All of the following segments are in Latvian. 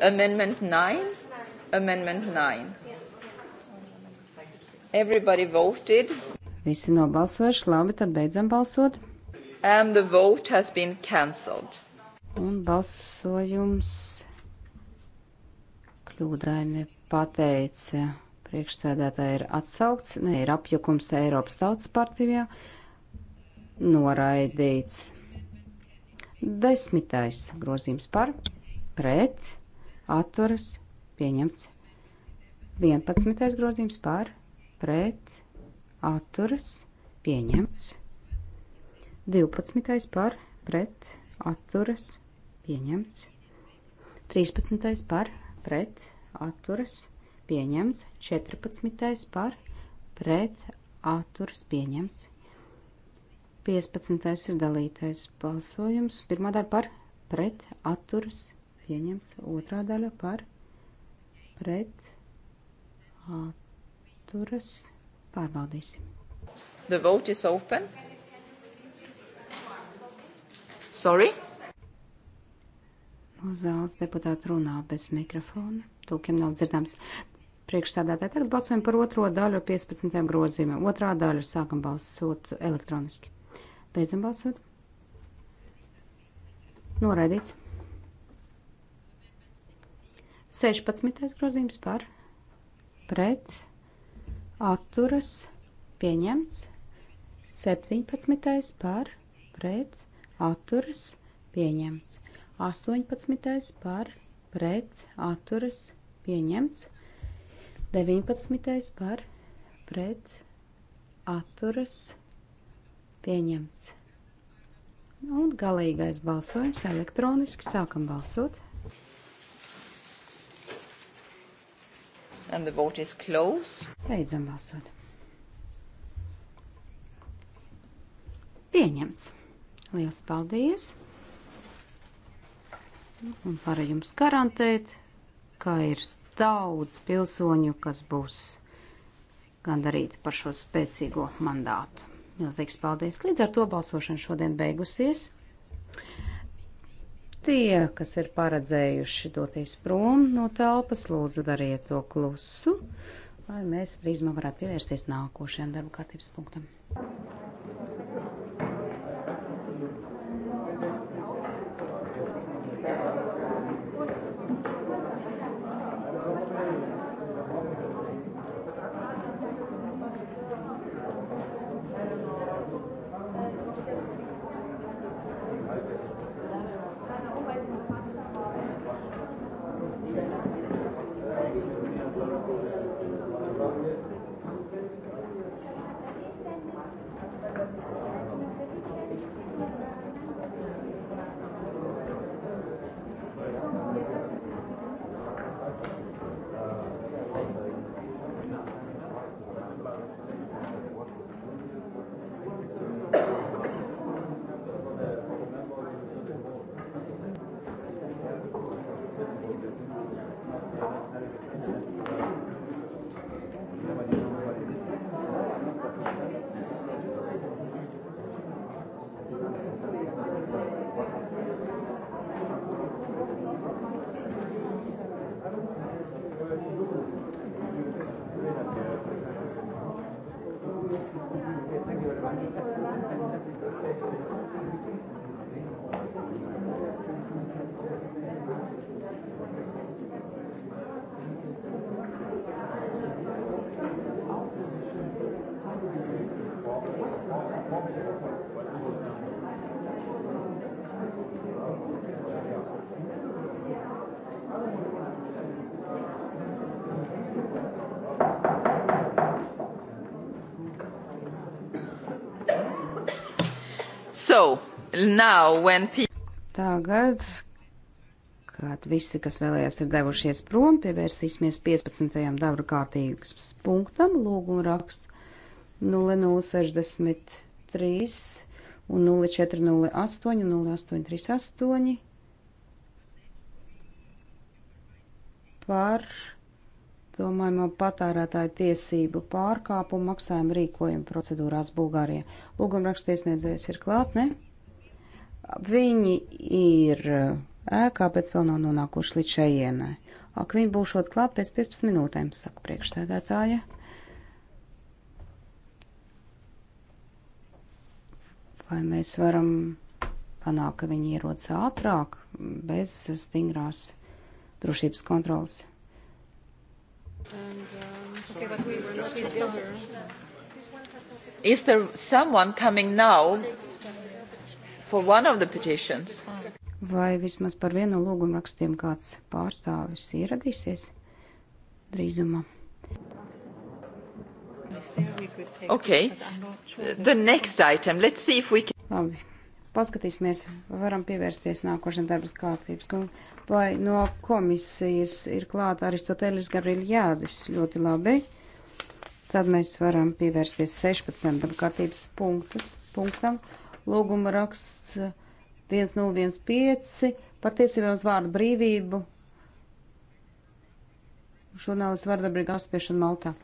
Amendment 9? Amendment 9. Everybody voted. Visi nobalsojuši, labi, tad beidzam balsot. And the vote has been cancelled. Un balsojums kļūdaini pateica. Priekšsēdētāji ir atsaukts, ne ir apjukums Eiropas tautas partijā, noraidīts. Desmitais grozījums par pret, atturas, pieņemts. 11. grozījums par, pret, atturas, pieņemts. 12. par, pret, atturas, pieņemts. 13. par, pret, atturas, pieņemts. 14. par, pret, atturas, pieņemts. 15. ir dalītais balsojums. Pirmā daļa par, pret, atturas, pieņemts pieņemts. Otrā daļa par pret atturas pārbaudīsim. The vote is open. Sorry? No zāles deputāti runā bez mikrofona. Tūkiem nav dzirdams. Priekšsādātāji tagad balsojam par otro daļu 15. grozījumam. Otrā daļa sākam balsot elektroniski. Beidzam balsot. Noraidīts. 16. grozījums par pret atturas pieņemts. 17. par pret atturas pieņemts. 18. par pret atturas pieņemts. 19. par pret atturas pieņemts. Un galīgais balsojums elektroniski sākam balsot. and the vote is closed. Beidzam balsot. Pieņemts. Liels paldies. Un varu jums garantēt, ka ir daudz pilsoņu, kas būs gandarīti par šo spēcīgo mandātu. Milzīgs paldies! Līdz ar to balsošana šodien beigusies. Tie, kas ir paredzējuši doties prom no telpas, lūdzu dariet to klusu, lai mēs drīzumā varētu pievērsties nākošajam darba kārtības punktam. So, now, when... Tagad, kad visi, kas vēlējās, ir devušies prom, pievērsīsimies 15. dabra kārtības punktam, lūgumu rakst 0063 un 0408 0838 par domājamo patērētāju tiesību pārkāpumu maksājumu rīkojumu procedūrās Bulgārijā. Lūguma rakstiesniedzējs ir klāt, ne? Viņi ir ēkā, bet vēl nav nonākuši līdz šajienai. Ak, viņi būšot klāt pēc 15 minūtēm, saka priekšsēdētāja. Vai mēs varam panākt, ka viņi ierodas ātrāk, bez stingrās drošības kontrolas? And, um, okay, but we were not with her. Is there someone coming now for one of the petitions? Vai vismaz par vienu lūgumu rakstiem kāds pārstāvis ieradīsies drīzumā? Okay. The next item. Let's see if we can. Labi. Paskatīsimies, varam pievērsties nākošajam darbas kārtības. Vai no komisijas ir klāta Aristotelis Gavriljādis? Ļoti labi. Tad mēs varam pievērsties 16. kārtības punktas, punktam. Lūguma raksts 1015 par tiesībām uz vārdu brīvību. Žurnālists Vardabrīga apspiešana Maltā.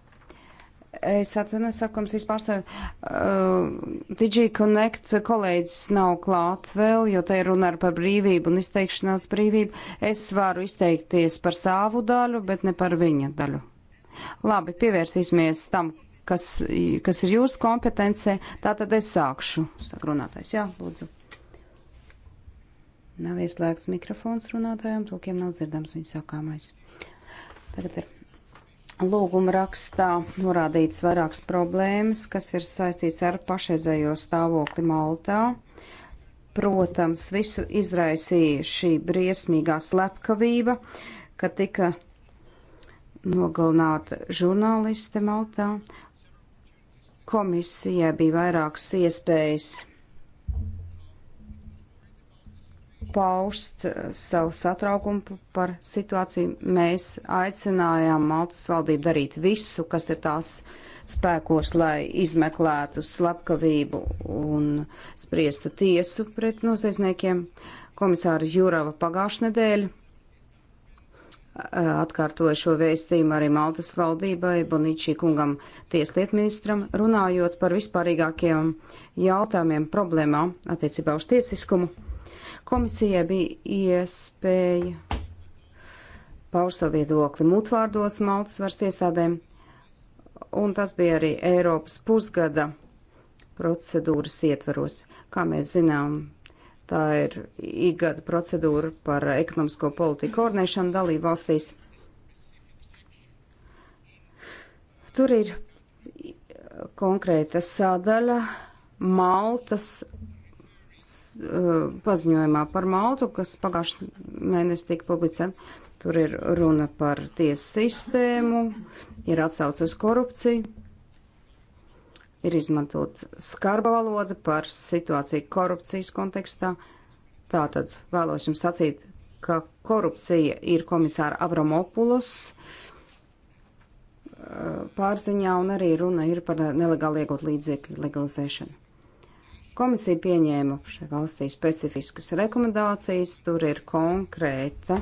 Es atvainojos, apkomisijas pārstāvju. Uh, DG Connect kolēģis nav klāt vēl, jo te ir runa par brīvību un izteikšanās brīvību. Es varu izteikties par savu daļu, bet ne par viņa daļu. Labi, pievērsīsimies tam, kas, kas ir jūsu kompetencē. Tā tad es sākšu. Saka runātājs, jā, lūdzu. Nav ieslēgts mikrofons runātājiem, tulkiem nav dzirdams viņa sakāmais. Tagad ir. Lūguma rakstā norādīts vairākas problēmas, kas ir saistīts ar pašreizējo stāvokli Maltā. Protams, visu izraisīja šī briesmīgā slepkavība, kad tika nogalināta žurnāliste Maltā. Komisijai bija vairākas iespējas paust eh, savu satraukumu par situāciju. Mēs aicinājām Maltas valdību darīt visu, kas ir tās spēkos, lai izmeklētu slepkavību un spriestu tiesu pret noziedzniekiem. Komisāra Jurava pagājušā nedēļa eh, atkārtoja šo vēstījumu arī Maltas valdībai, Bonīčī kungam, tieslietu ministram, runājot par vispārīgākiem jautājumiem, problēmām attiecībā uz tiesiskumu. Komisijai bija iespēja paust savu viedokli mutvārdos maltas varas iestādēm, un tas bija arī Eiropas pusgada procedūras ietvaros. Kā mēs zinām, tā ir ikgada procedūra par ekonomisko politiku koordinēšanu dalību valstīs. Tur ir konkrēta sadaļa Maltas Eh, paziņojumā par Maltu, kas pagājušajā mēnesī tika publicēta. Tur ir runa par tiesu sistēmu, ir atsauce uz korupciju, ir izmantot skarba valoda par situāciju korupcijas kontekstā. Tātad vēlos jums sacīt, ka korupcija ir komisāra Avramopulus eh, pārziņā un arī runa ir par nelegāli iegūt līdzekļu legalizēšanu. Komisija pieņēma šai valstī specifiskas rekomendācijas, tur ir konkrēta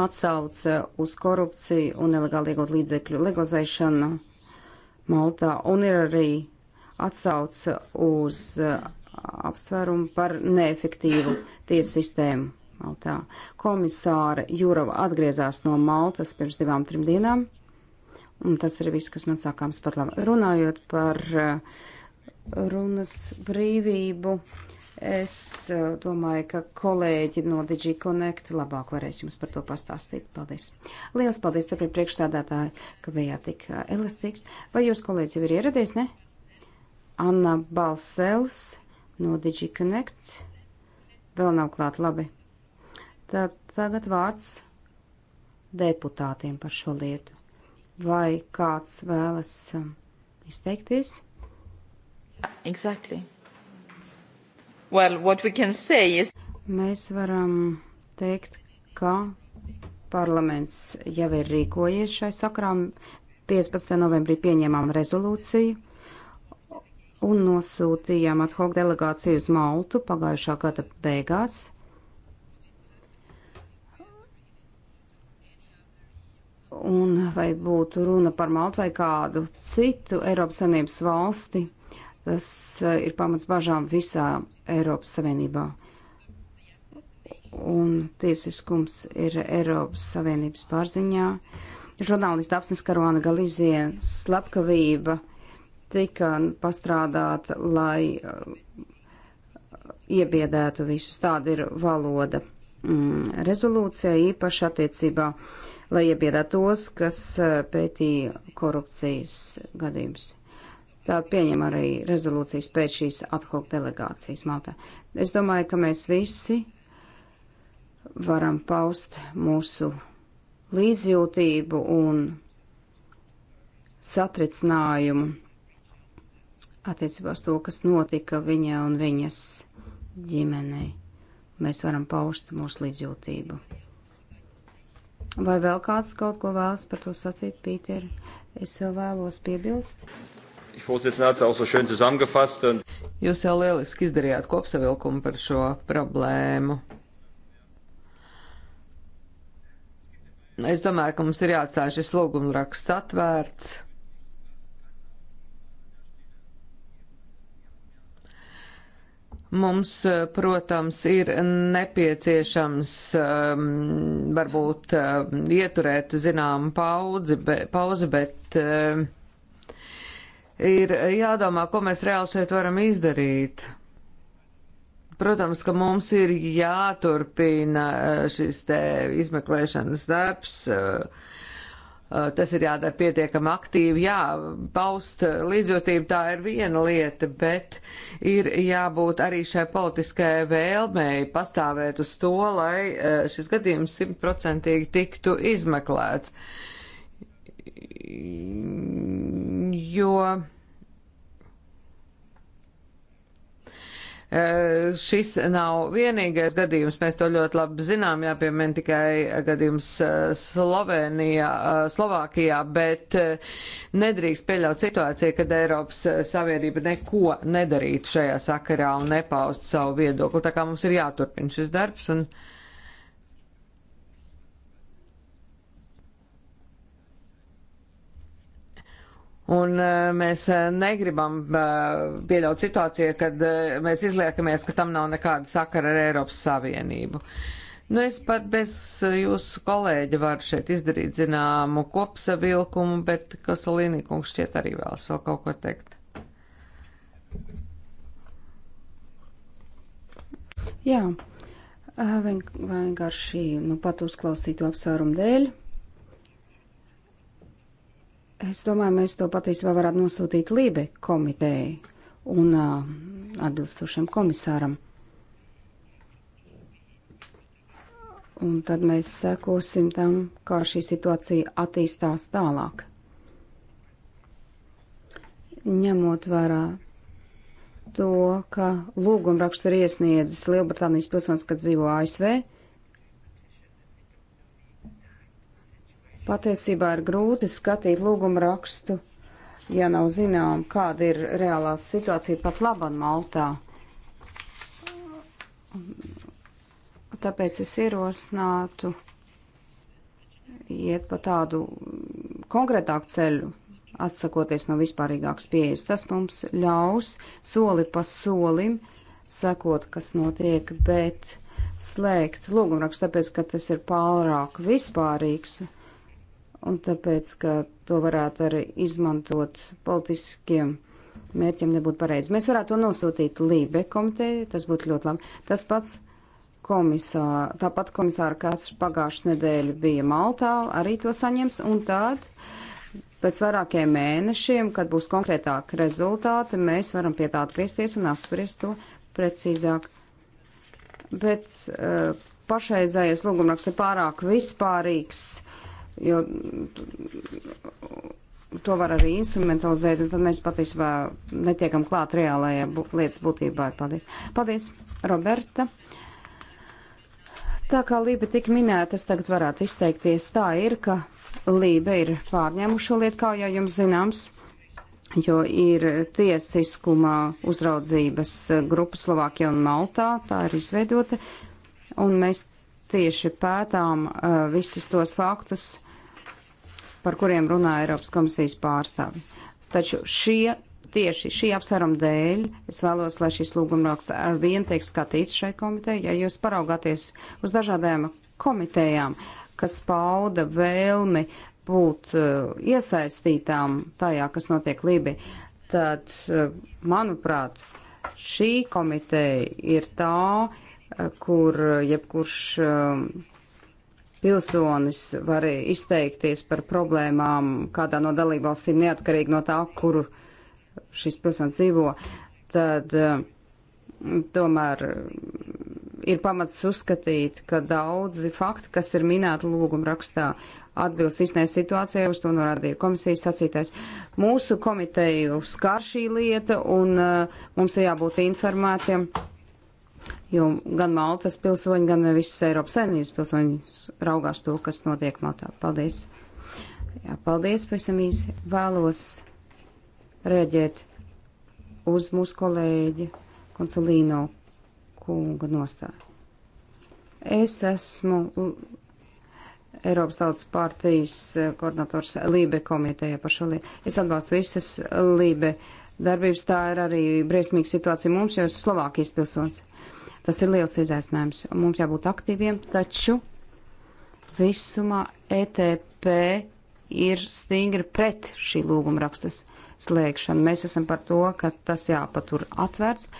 atsauce uz korupciju un nelegāli iegūt līdzekļu legalizēšanu Maltā, un ir arī atsauce uz uh, apsvērumu par neefektīvu tiesu sistēmu. Maltā. Komisāra Jurava atgriezās no Maltas pirms divām, trim dienām, un tas ir viss, kas man sākāms pat labi. Runājot par uh, runas brīvību. Es eh, domāju, ka kolēģi no DG Connect labāk varēs jums par to pastāstīt. Paldies! Lielas paldies, turpin priekšstādātāji, ka bijāt tik eh, elastīgs. Vai jūs kolēģis jau ir ieradies, ne? Anna Balsels no DG Connect vēl nav klāt labi. Tad tagad vārds deputātiem par šo lietu. Vai kāds vēlas eh, izteikties? Exactly. Well, what we can say is... Mēs varam teikt, ka parlaments jau ir rīkojies šai sakrām. 15. novembrī pieņēmām rezolūciju un nosūtījām ad hoc delegāciju uz Maltu pagājušā gada beigās. Un vai būtu runa par Maltu vai kādu citu Eiropas Savienības valsti? Tas eh, ir pamats bažām visā Eiropas Savienībā. Un tiesiskums ir Eiropas Savienības pārziņā. Žurnālista Apsnes Karona Galizie slepkavība tika pastrādāta, lai eh, iebiedētu visus. Tāda ir valoda mm, rezolūcijā īpaši attiecībā, lai iebiedētu tos, kas eh, pētīja korupcijas gadījumus. Tātad pieņem arī rezolūcijas pēc šīs ad hoc delegācijas Maltā. Es domāju, ka mēs visi varam paust mūsu līdzjūtību un satricinājumu attiecībā uz to, kas notika viņa un viņas ģimenei. Mēs varam paust mūsu līdzjūtību. Vai vēl kāds kaut ko vēlas par to sacīt, Pīter? Es vēl vēlos piebilst. Jūs jau lieliski izdarījāt kopsavilkumu par šo problēmu. Es domāju, ka mums ir jāatstāj šis lūgumraksts atvērts. Mums, protams, ir nepieciešams um, varbūt um, ieturēt zināmu paudzi, be, pauzi, bet um, ir jādomā, ko mēs reāli šeit varam izdarīt. Protams, ka mums ir jāturpina eh, šis te izmeklēšanas darbs. Eh, eh, tas ir jādara pietiekami aktīvi, jā, paust līdzjūtību tā ir viena lieta, bet ir jābūt arī šai politiskajai vēlmei pastāvēt uz to, lai šis gadījums simtprocentīgi tiktu izmeklēts. Uh, jo eh, šis nav vienīgais gadījums, mēs to ļoti labi zinām, jāpiemēr tikai gadījums eh, Slovenijā, eh, Slovākijā, bet nedrīkst pieļaut situāciju, kad Eiropas Savienība neko nedarītu šajā sakarā un nepaustu savu viedokli. Tā kā mums ir jāturpina šis darbs un. Uh, Un eh, mēs eh, negribam eh, pieļaut situāciju, kad mēs izliekamies, ka tam nav nekāda sakara ar Eiropas Savienību. Nu, es pat bez jūsu kolēģa varu šeit izdarīt zināmu kopsavilkumu, bet Kosalīni kungs šķiet arī vēlas vēl kaut ko teikt. Jā, vienkārši nu, pat uzklausītu apsvērumu dēļ Es domāju, mēs to patiesībā varētu nosūtīt Lībe komitejai un uh, atbilstošiem komisāram. Un tad mēs sekosim tam, kā šī situācija attīstās tālāk. Ņemot vērā to, ka lūgumrakstu ir iesniedzis Lielbritānijas pilsonis, kad dzīvo ASV, Patiesībā ir grūti skatīt lūgumu rakstu, ja nav zinām, kāda ir reālā situācija pat laban Maltā. Tāpēc es ierosinātu iet pa tādu konkrētāku ceļu, atsakoties no vispārīgākas pieejas. Tas mums ļaus soli pa solim sekot, kas notiek, bet slēgt lūgumrakstu, tāpēc, ka tas ir pārāk vispārīgs un tāpēc, ka to varētu arī izmantot politiskiem mērķiem, nebūtu pareizi. Mēs varētu to nosūtīt Lībe komiteju, tas būtu ļoti labi. Tas pats komisāra, tāpat komisāra, kāds pagājušas nedēļa bija Maltā, arī to saņems, un tād pēc vairākiem mēnešiem, kad būs konkrētāk rezultāti, mēs varam pie tā atgriezties un apspriest to precīzāk. Bet uh, pašreizējais lūgumraksts ir pārāk vispārīgs. Uh, jo to var arī instrumentalizēt, un tad mēs patiesībā netiekam klāt reālajai bu lietas būtībai. Paldies. Paldies, Roberta. Tā kā Lība tik minēta, es tagad varētu izteikties. Tā ir, ka Lība ir pārņēmušo lietu, kā jau jums zināms, jo ir tiesiskuma uzraudzības grupa Slovākija un Maltā, tā ir izveidota, un mēs tieši pētām uh, visus tos faktus, par kuriem runā Eiropas komisijas pārstāvi. Taču šie, tieši šī apsvēruma dēļ es vēlos, lai šis lūgumraksts ar vienu tiek skatīts šai komitejai, ja jūs paraugāties uz dažādajām komitejām, kas pauda vēlmi būt uh, iesaistītām tajā, kas notiek Lībijā, tad, uh, manuprāt, šī komiteja ir tā, uh, kur uh, jebkurš. Uh, pilsonis var izteikties par problēmām kādā no dalībvalstīm neatkarīgi no tā, kur šis pilsonis dzīvo, tad mm, tomēr mm, ir pamats uzskatīt, ka daudzi fakti, kas ir minēti lūguma rakstā, atbilst īstenē situācijai, uz to norādīja komisijas sacītais. Mūsu komiteju skar šī lieta un uh, mums ir jābūt informētiem. Ja jo gan Maltas pilsoņi, gan visas Eiropas saimnības pilsoņi raugās to, kas notiek Maltā. Paldies! Jā, paldies, pavisam īsi vēlos reaģēt uz mūsu kolēģi konsulīno kunga nostāju. Es esmu Eiropas Tautas partijas eh, koordinators Lībe komitejā par šo lietu. Es atbalstu visas Lībe darbības. Tā ir arī briesmīga situācija mums, jo es Slovākijas pilsonis. Tas ir liels izaicinājums. Mums jābūt aktīviem, taču visumā ETP ir stingri pret šī lūguma rakstas slēgšanu. Mēs esam par to, ka tas jāpatur atvērts,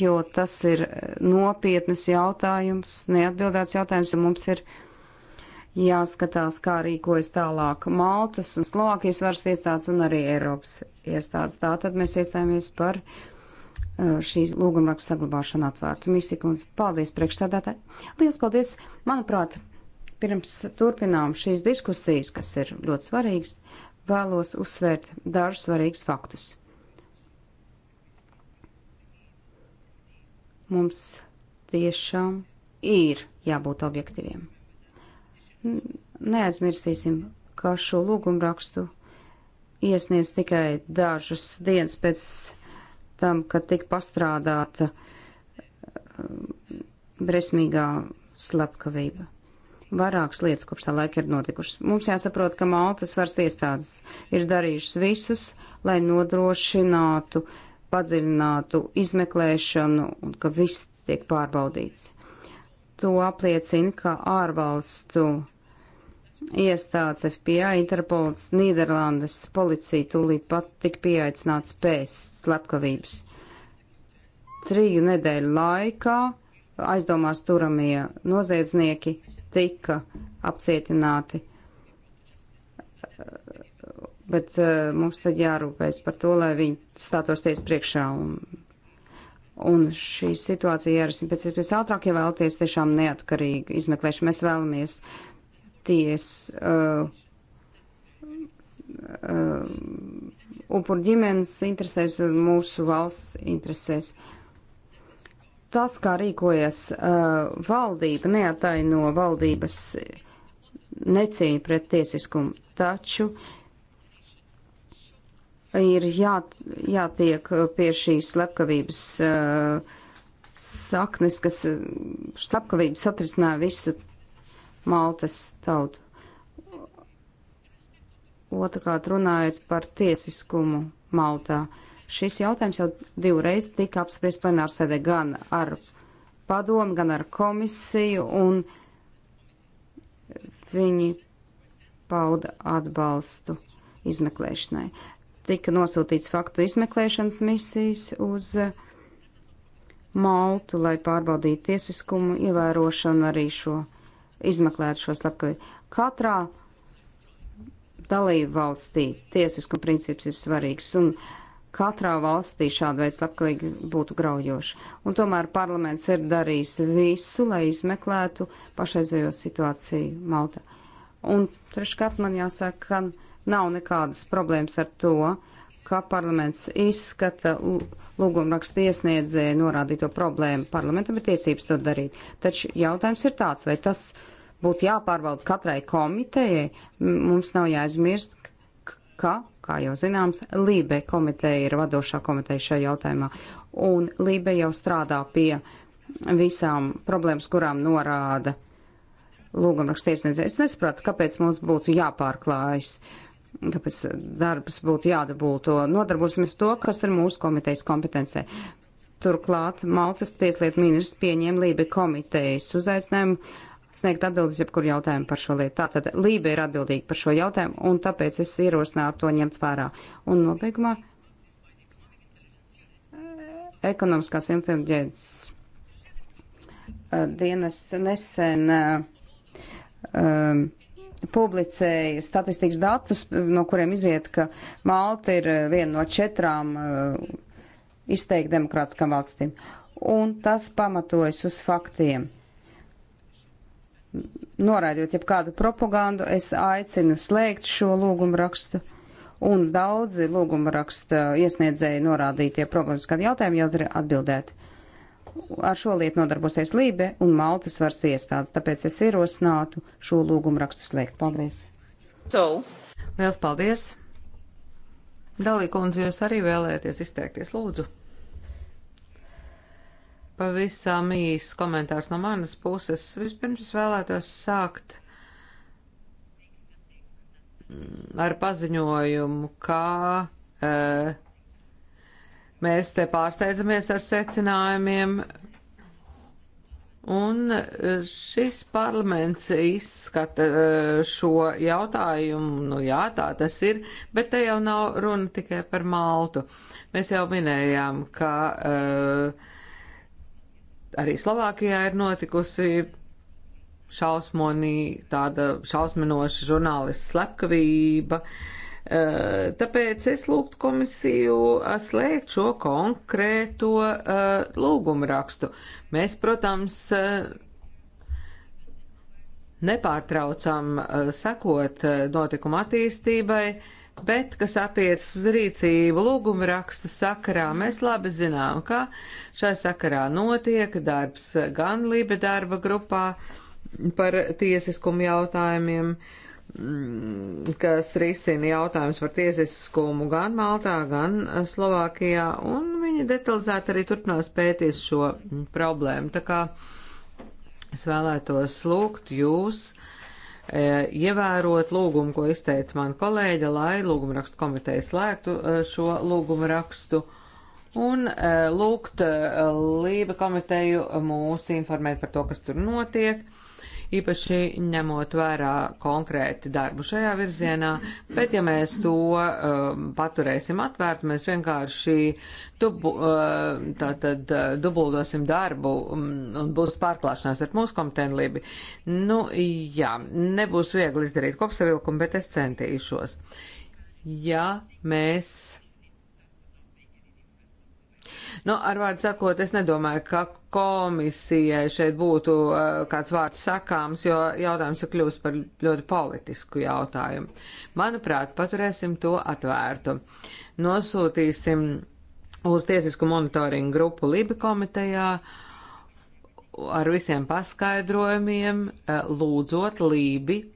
jo tas ir nopietnas jautājums, neatbildēts jautājums, un mums ir jāskatās, kā rīkojas tālāk Maltas un Slovākijas varas iestādes un arī Eiropas iestādes. Tātad mēs iestājāmies par Uh, šīs lūgumraksta saglabāšanu atvērtu. Mīsikums, paldies priekšstādātāji. Lielas paldies. Manuprāt, pirms turpinām šīs diskusijas, kas ir ļoti svarīgas, vēlos uzsvērt dažus svarīgus faktus. Mums tiešām ir jābūt objektīviem. Neaizmirsīsim, ka šo lūgumrakstu iesniedz tikai dažas dienas pēc tam, ka tika pastrādāta um, briesmīgā slepkavība. Vairākas lietas kopš tā laika ir notikušas. Mums jāsaprot, ka Maltas varas iestādes ir darījušas visus, lai nodrošinātu, padziļinātu izmeklēšanu un ka viss tiek pārbaudīts. To apliecina, ka ārvalstu iestādes FBI, Interpols, Nīderlandes policija tūlīt pat tik pieaicināts pēc slepkavības. Triju nedēļu laikā aizdomās turamie noziedznieki tika apcietināti. Bet uh, mums tad jārūpēs par to, lai viņi stātos tiesas priekšā. Un, un šī situācija jārisina pēc iespējas ātrāk, ja vēlaties tiešām neatkarīgi izmeklēšanu. Mēs vēlamies uh, iesaistījies uh, uh, upur ģimenes interesēs un mūsu valsts interesēs. Tas, kā rīkojas uh, valdība, neataino valdības necīņu pret tiesiskumu, taču ir jā, jātiek pie šīs slepkavības uh, saknes, kas slepkavības atrisināja visu Maltas tautu. Otrakārt, runājot par tiesiskumu Maltā. Šis jautājums jau divreiz tika apspriests plenārsēdē gan ar padomu, gan ar komisiju, un viņi pauda atbalstu izmeklēšanai. Tika nosūtīts faktu izmeklēšanas misijas uz Maltu, lai pārbaudītu tiesiskumu ievērošanu arī šo izmeklētu šo slepkavību. Katrā dalību valstī tiesiskuma princips ir svarīgs, un katrā valstī šāda veida slepkavīgi būtu graujoši. Un tomēr parlaments ir darījis visu, lai izmeklētu pašreizējo situāciju Maltā. Un treškārt man jāsaka, ka nav nekādas problēmas ar to, ka parlaments izskata lūgumrakstu iesniedzēju norādīto problēmu. Parlamentam ir tiesības to darīt. Taču jautājums ir tāds, vai tas būtu jāpārbauda katrai komitejai. Mums nav jāaizmirst, ka, kā jau zināms, Lībe komiteja ir vadošā komiteja šajā jautājumā. Un Lībe jau strādā pie visām problēmas, kurām norāda lūgumrakstu iesniedzēju. Es nesapratu, kāpēc mums būtu jāpārklājas. Uh, Tāpēc eh, darbs būtu jādabūto. Nodarbosimies to, kas ir mūsu komitejas kompetencē. Turklāt Maltas tieslietu ministrs pieņēma Lībe komitejas uzaicinājumu sniegt atbildes jebkur jautājumu par šo lietu. Tātad Lībe ir atbildīga par šo jautājumu, un tāpēc es ierosinātu to ņemt vērā. Un nobeigumā eh, ekonomiskās inteliģences eh, dienas nesen um, publicēja statistikas datus, no kuriem iziet, ka Malta ir eh, viena no četrām eh, izteikti demokrātiskām valstīm. Un tas pamatojas uz faktiem. Noraidot jebkādu propagandu, es aicinu slēgt šo lūgumu rakstu. Un daudzi lūguma raksta iesniedzēji norādītie problēmas, kādi jautājumi jau ir atbildēti ar šo lietu nodarbosies Lībe un Maltas varas iestādes, tāpēc es ierosinātu šo lūgumu rakstu slēgt. Paldies! So. Liels paldies! Dalīkundze, jūs arī vēlēties izteikties, lūdzu! Pavisam īsts komentārs no manas puses. Vispirms es vēlētos sākt ar paziņojumu, kā uh, eh, Mēs te pārsteidzamies ar secinājumiem, Un e, šis parlaments izskata e, šo jautājumu, nu jā, tā tas ir, bet te jau nav runa tikai par Maltu. Mēs jau minējām, ka uh, arī Slovākijā ir notikusi šausmonī tāda šausminoša žurnālists slepkavība. Uh, Eh, tāpēc es lūgtu komisiju slēgt šo konkrēto uh, eh, lūgumu rakstu. Mēs, protams, uh, nepārtraucam uh, sekot notikuma attīstībai, bet, kas attiecas uz rīcību lūgumu raksta sakarā, mēs labi zinām, ka šai sakarā notiek darbs gan Lībe darba grupā par tiesiskumu jautājumiem, uh, Mm, kas risina jautājums par tiesiskumu gan Maltā, gan Slovākijā, un viņi detalizēti arī turpinās pētīs šo problēmu. Tā kā es vēlētos lūgt jūs e, ievērot lūgumu, ko izteica man kolēģa, lai lūguma rakstu komiteja slēgtu e, šo lūguma rakstu un e, lūgt e, Lība komiteju mūs informēt par to, kas tur notiek īpaši ņemot vērā konkrēti darbu šajā virzienā, bet ja mēs to um, paturēsim atvērtu, mēs vienkārši dubu, uh, tātad, uh, dubuldosim darbu um, un būs pārklāšanās ar mūsu komitenlību. Nu, jā, nebūs viegli izdarīt kopsavilkumu, bet es centīšos. Ja mēs Nu, ar vārdu sakot, es nedomāju, ka komisijai šeit būtu uh, kāds vārds sakāms, jo jautājums ir kļūst par ļoti politisku jautājumu. Manuprāt, paturēsim to atvērtu. Nosūtīsim uz tiesisku monitoringu grupu Libi komitejā ar visiem paskaidrojumiem, eh, lūdzot Lībi eh,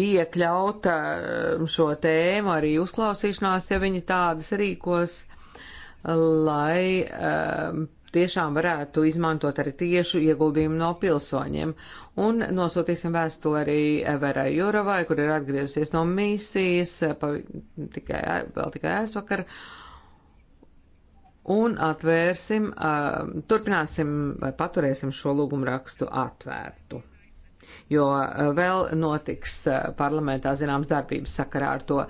iekļaut eh, šo tēmu arī uzklausīšanās, ja viņi tādas rīkos, lai eh, tiešām varētu izmantot arī tiešu ieguldījumu no pilsoņiem. Un nosūtīsim vēstuli arī Everai Juravai, kur ir atgriezusies no misijas eh, pa, tikai, vēl tikai aizvakar. Un atvērsim, uh, turpināsim vai paturēsim šo lūgumu rakstu atvērtu jo eh, vēl notiks eh, parlamentā zināms darbības sakarā ar to.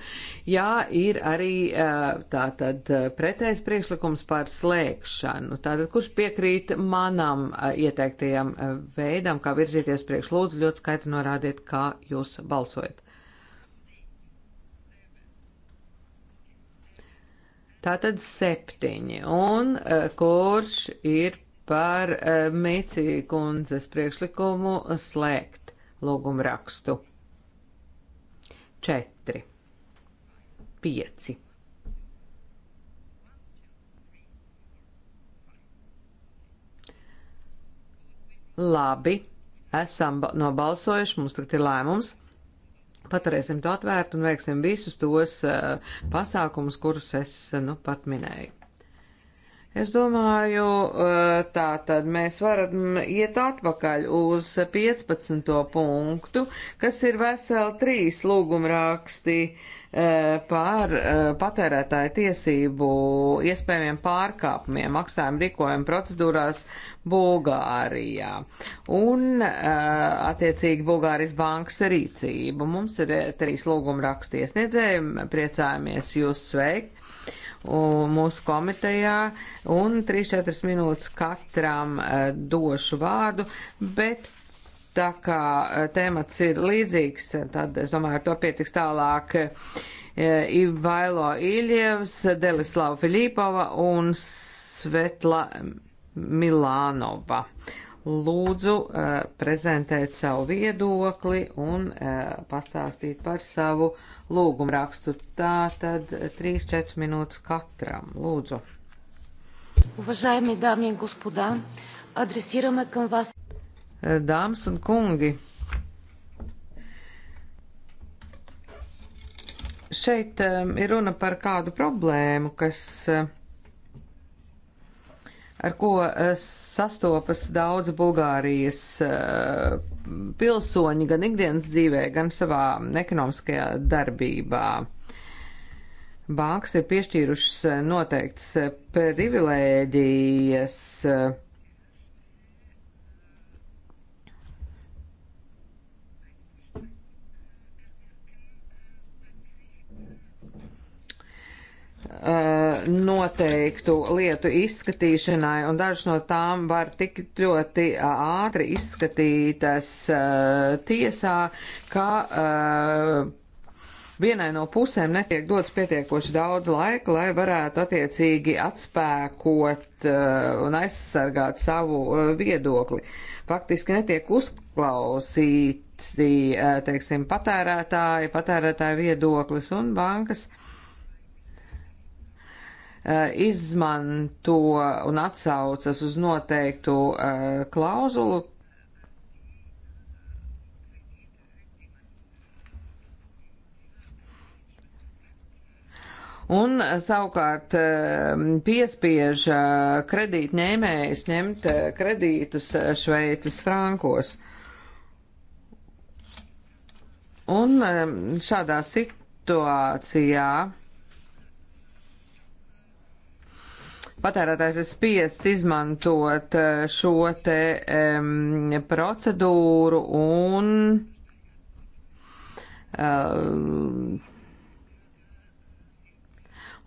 Jā, ir arī eh, tātad pretējs priekšlikums par slēgšanu. Tātad, kurš piekrīt manam ieteiktajam veidam, kā virzīties priekš, lūdzu, ļoti skaidri norādiet, kā jūs balsojat. Tātad septiņi. Un kurš ir par eh, Mīcī kundzes priekšlikumu slēgt lūgumu rakstu. 4. 5. Labi, esam nobalsojuši, mums tagad ir lēmums. Paturēsim to atvērtu un veiksim visus tos uh, pasākumus, kurus es eh, nu pat minēju. Es domāju, eh, tā tad mēs varam iet atpakaļ uz 15. punktu, kas ir veseli trīs lūgumraksti eh, par eh, patērētāju tiesību iespējamiem pārkāpumiem maksājuma rīkojuma procedūrās Bulgārijā un attiecīgi Bulgārijas bankas rīcību. Mums ir trīs lūgumraksti iesniedzējumi, priecājamies jūs sveikt mūsu komitejā un 3-4 minūtes katram eh, došu vārdu, bet tā kā eh, temats ir līdzīgs, tad es domāju, ar to pietiks tālāk. Eh, Ivailo Iļievs, Delislava Filipova un Svetla Milānova lūdzu uh, prezentēt savu viedokli un uh, pastāstīt par savu lūgumu rakstu. Tā tad 3-4 eh, minūtes katram. Lūdzu. Уважаеми дами и господа, адресираме към вас. Dāmas э, un kungi, šeit um, ir runa par kādu problēmu, kas uh, ar ko eh, sastopas daudz Bulgārijas eh, pilsoņi gan ikdienas dzīvē, gan savā ekonomiskajā darbībā. Bankas ir piešķīrušas eh, noteikts privilēģijas Eh, noteiktu lietu izskatīšanai, un dažas no tām var tik ļoti eh, ātri izskatītas eh, tiesā, ka vienai no pusēm netiek dots pietiekoši daudz laika, lai varētu attiecīgi atspēkot un aizsargāt savu viedokli. Faktiski netiek uzklausīti, teiksim, patērētāji, patērētāju viedoklis un bankas. Uh, Eh, izmanto un atsaucas uz noteiktu eh, klauzulu. Un eh, savukārt piespiež kredītņēmējus ņemt kredītus Šveices frankos. Un šādā situācijā patērētājs ir spiests izmantot eh, šo te um, procedūru un um,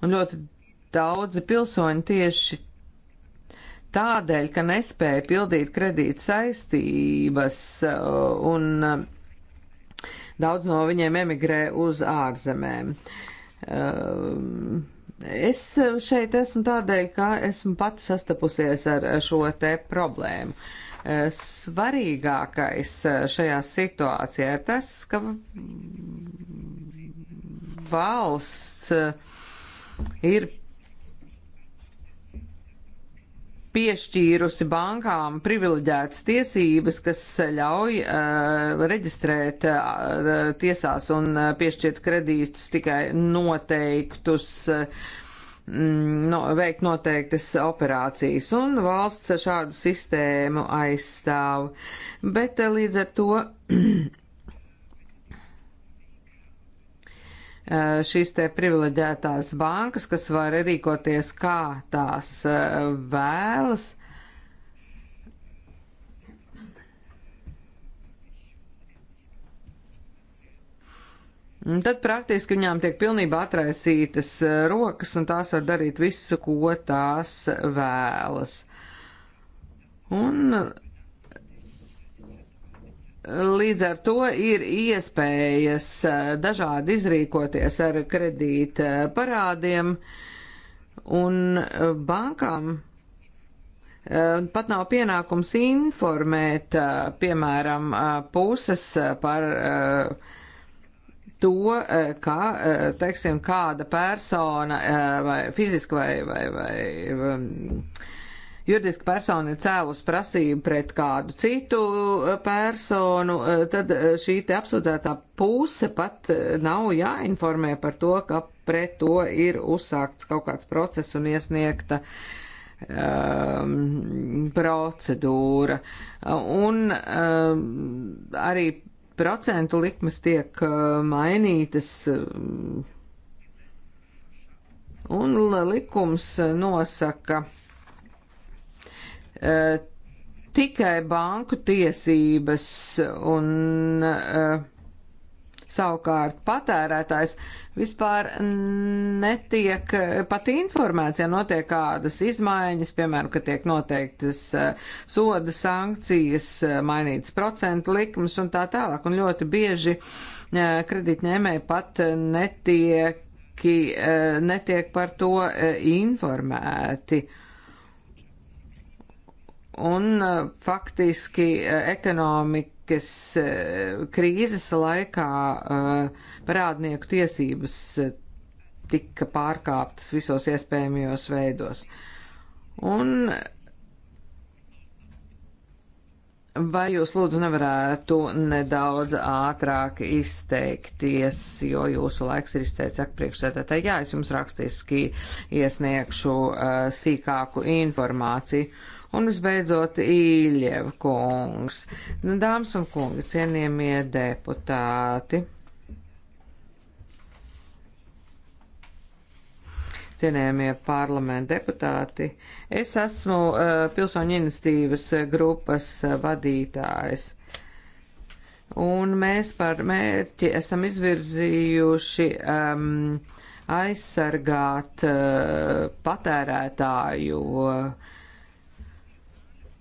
un ļoti daudzi pilsoņi tieši tādēļ, ka nespēja pildīt kredīt saistības eh, un daudz no viņiem emigrē uz ārzemēm. Um, Es eh, šeit esmu tādēļ, ka esmu pati sastapusies ar eh, šo te problēmu. Eh, svarīgākais šajā situācijā ir tas, ka valsts ir piešķīrusi bankām privileģētas tiesības, kas ļauj uh, reģistrēt uh, tiesās un uh, piešķirt kredītus tikai noteiktus, mm, no, veikt noteiktas operācijas, un valsts šādu sistēmu aizstāv. Bet līdz ar to Eh, šīs te privileģētās bankas, kas var rīkoties kā tās eh, vēlas. Un tad praktiski viņām tiek pilnībā atraisītas eh, rokas, un tās var darīt visu, ko tās vēlas. Un Līdz ar to ir iespējas dažādi izrīkoties ar kredīt parādiem, un bankām pat nav pienākums informēt, piemēram, puses par to, ka, teiksim, kāda persona vai fiziska vai, vai, vai, vai juridiska persona ir cēlus prasību pret kādu citu eh, personu, eh, tad eh, šī te apsūdzētā puse pat nav jāinformē par to, ka pret to ir uzsākts kaut kāds process un iesniegta um, procedūra. Un um, arī procentu likmes tiek mainītas. Um, un likums nosaka, Eh, tikai banku tiesības un eh, savukārt patērētājs vispār netiek pat informēts, ja notiek kādas izmaiņas, piemēram, ka tiek noteiktas eh, soda sankcijas, mainītas procentu likums un tā tālāk. Un ļoti bieži kredītņēmēji pat netiek, netiek par to informēti. Uh, un uh, faktiski uh, ekonomikas uh, krīzes laikā parādnieku tiesības tika pārkāptas visos iespējamajos veidos. Un vai jūs lūdzu nevarētu nedaudz ātrāk izteikties, jo jūsu laiks ir izteicis ak priekšsēdētāji? Jā, es jums rakstiski iesniegšu uh, sīkāku informāciju. Uh, Un visbeidzot, Īļieva kungs. Nu, dāmas un kungi, cienījamie deputāti. Cienējamie parlamenta deputāti, es esmu uh, pilsoņu iniciatīvas grupas uh, vadītājs. Un mēs par mērķi esam izvirzījuši um, aizsargāt uh, patērētāju uh,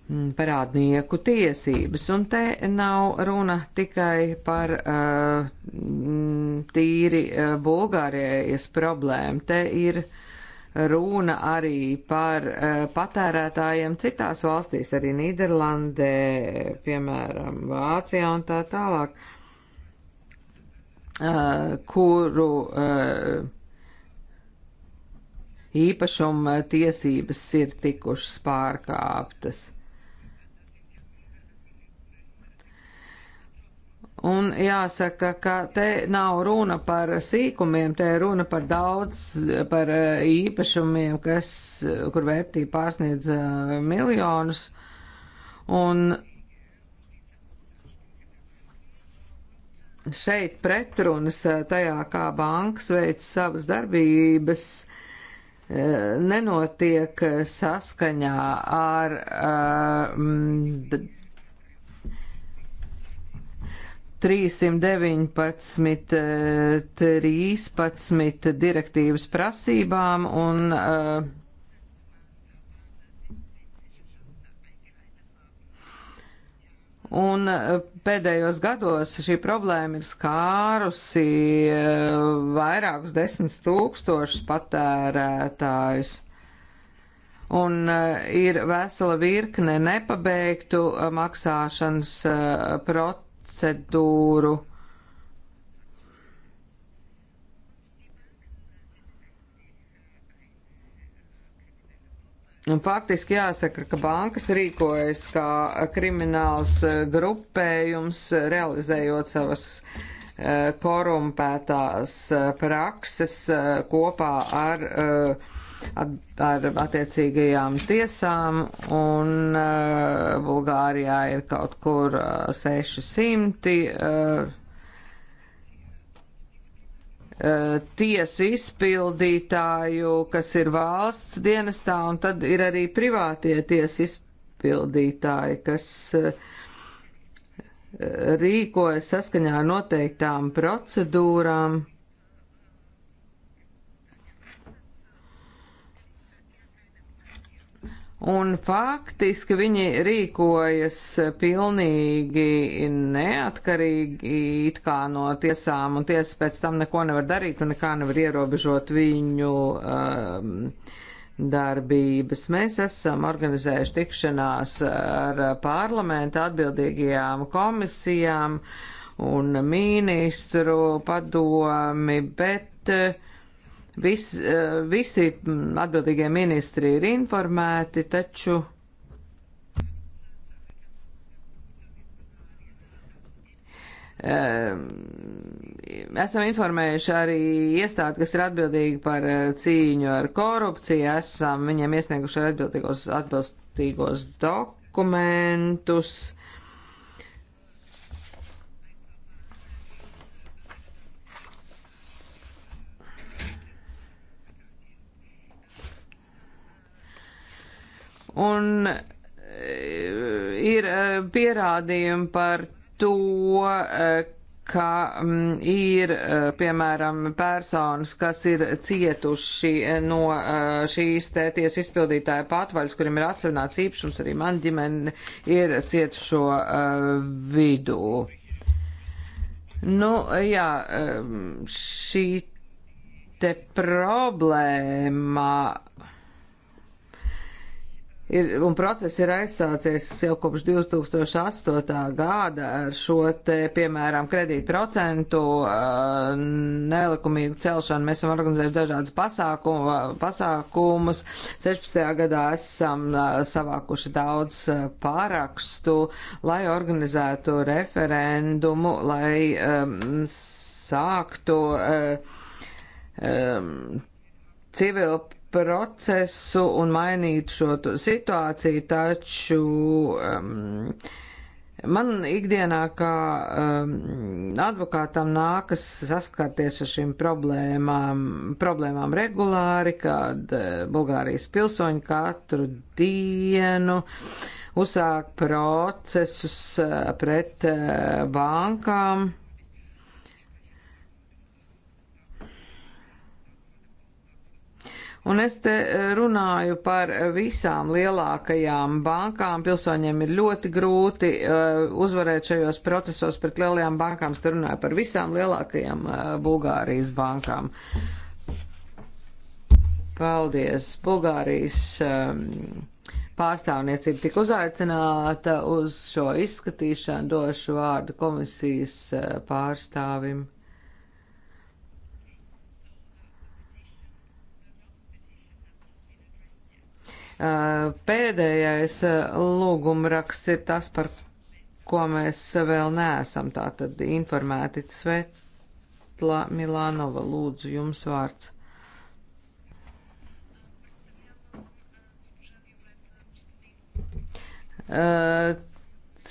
Mm, parādnieku tiesības, un te nav runa tikai par uh, tīri uh, Bulgārijas problēmu, te ir runa arī par uh, patērētājiem citās valstīs, arī Nīderlandē, piemēram, Vācijā un tā tālāk, uh, kuru uh, īpašuma tiesības ir tikušas pārkāptas. Un jāsaka, ka te nav runa par sīkumiem, te ir runa par daudz, par eh, īpašumiem, kas, eh, kur vērtība pārsniedz eh, miljonus. Un šeit pretrunas tajā, kā bankas veic savas darbības, nenotiek saskaņā ar. Uh, 319, 13 eh, direktīvas prasībām un uh, Un eh, pēdējos gados šī problēma ir skārusi vairākus desmit tūkstošus patērētājus. Un ir vesela virkne nepabeigtu maksāšanas procesu procedūru. Un faktiski jāsaka, ka bankas rīkojas kā krimināls grupējums, realizējot savas eh, korumpētās eh, prakses eh, kopā ar uh, ar attiecīgajām tiesām, un uh, Bulgārijā ir kaut kur uh, 600 uh, tiesu izpildītāju, kas ir valsts dienestā, un tad ir arī privātie tiesu izpildītāji, kas eh, rīkojas saskaņā ar noteiktām procedūrām. Un faktiski viņi rīkojas pilnīgi neatkarīgi it kā no tiesām, un tiesa pēc tam neko nevar darīt un nekā nevar ierobežot viņu um, darbības. Mēs esam organizējuši tikšanās ar parlamentu atbildīgajām komisijām un ministru padomi, bet uh, Vis, eh, visi mm, atbildīgie ministri ir informēti, taču. Esam informējuši arī iestādi, kas ir atbildīgi par eh, cīņu ar korupciju. Esam viņiem iesnieguši atbildīgos atbilstīgos dokumentus. Un e, ir e, pierādījumi par to, e, ka ir, piemēram, personas, kas ir cietuši no šīs te tiesa izpildītāja patvaļas, kuriem ir atsevināts īpašums, arī man ģimene ir cietušo vidū. Nu, jā, šī te problēma ir, un process ir aizsācies jau kopš 2008. gada ar šo te, piemēram, kredītprocentu uh, nelikumīgu celšanu. Mēs esam organizējuši dažādas pasākumu, uh, pasākumus. 16. gadā esam uh, savākuši daudz pārakstu, lai organizētu referendumu, lai um, sāktu um, civilu procesu un mainītu šo situāciju, taču um, man ikdienā kā um, advokātam nākas saskarties ar šīm problēmām, problēmām regulāri, kad uh, Bulgārijas pilsoņi katru dienu uzsāk procesus uh, pret uh, bankām. Uh, Un es te eh, runāju par eh, visām lielākajām bankām. Pilsoņiem ir ļoti grūti eh, uzvarēt šajos procesos pret lielajām bankām. Es te runāju par visām lielākajām Bulgārijas bankām. Paldies! Bulgārijas ehm, pārstāvniecība tika uzaicināta uz šo izskatīšanu. Došu vārdu komisijas pārstāvim. Eh, pēdējais eh, lūgumraksts ir tas, par ko mēs vēl neesam tātad informēti. Svetla Milānova, lūdzu, jums vārds. Eh,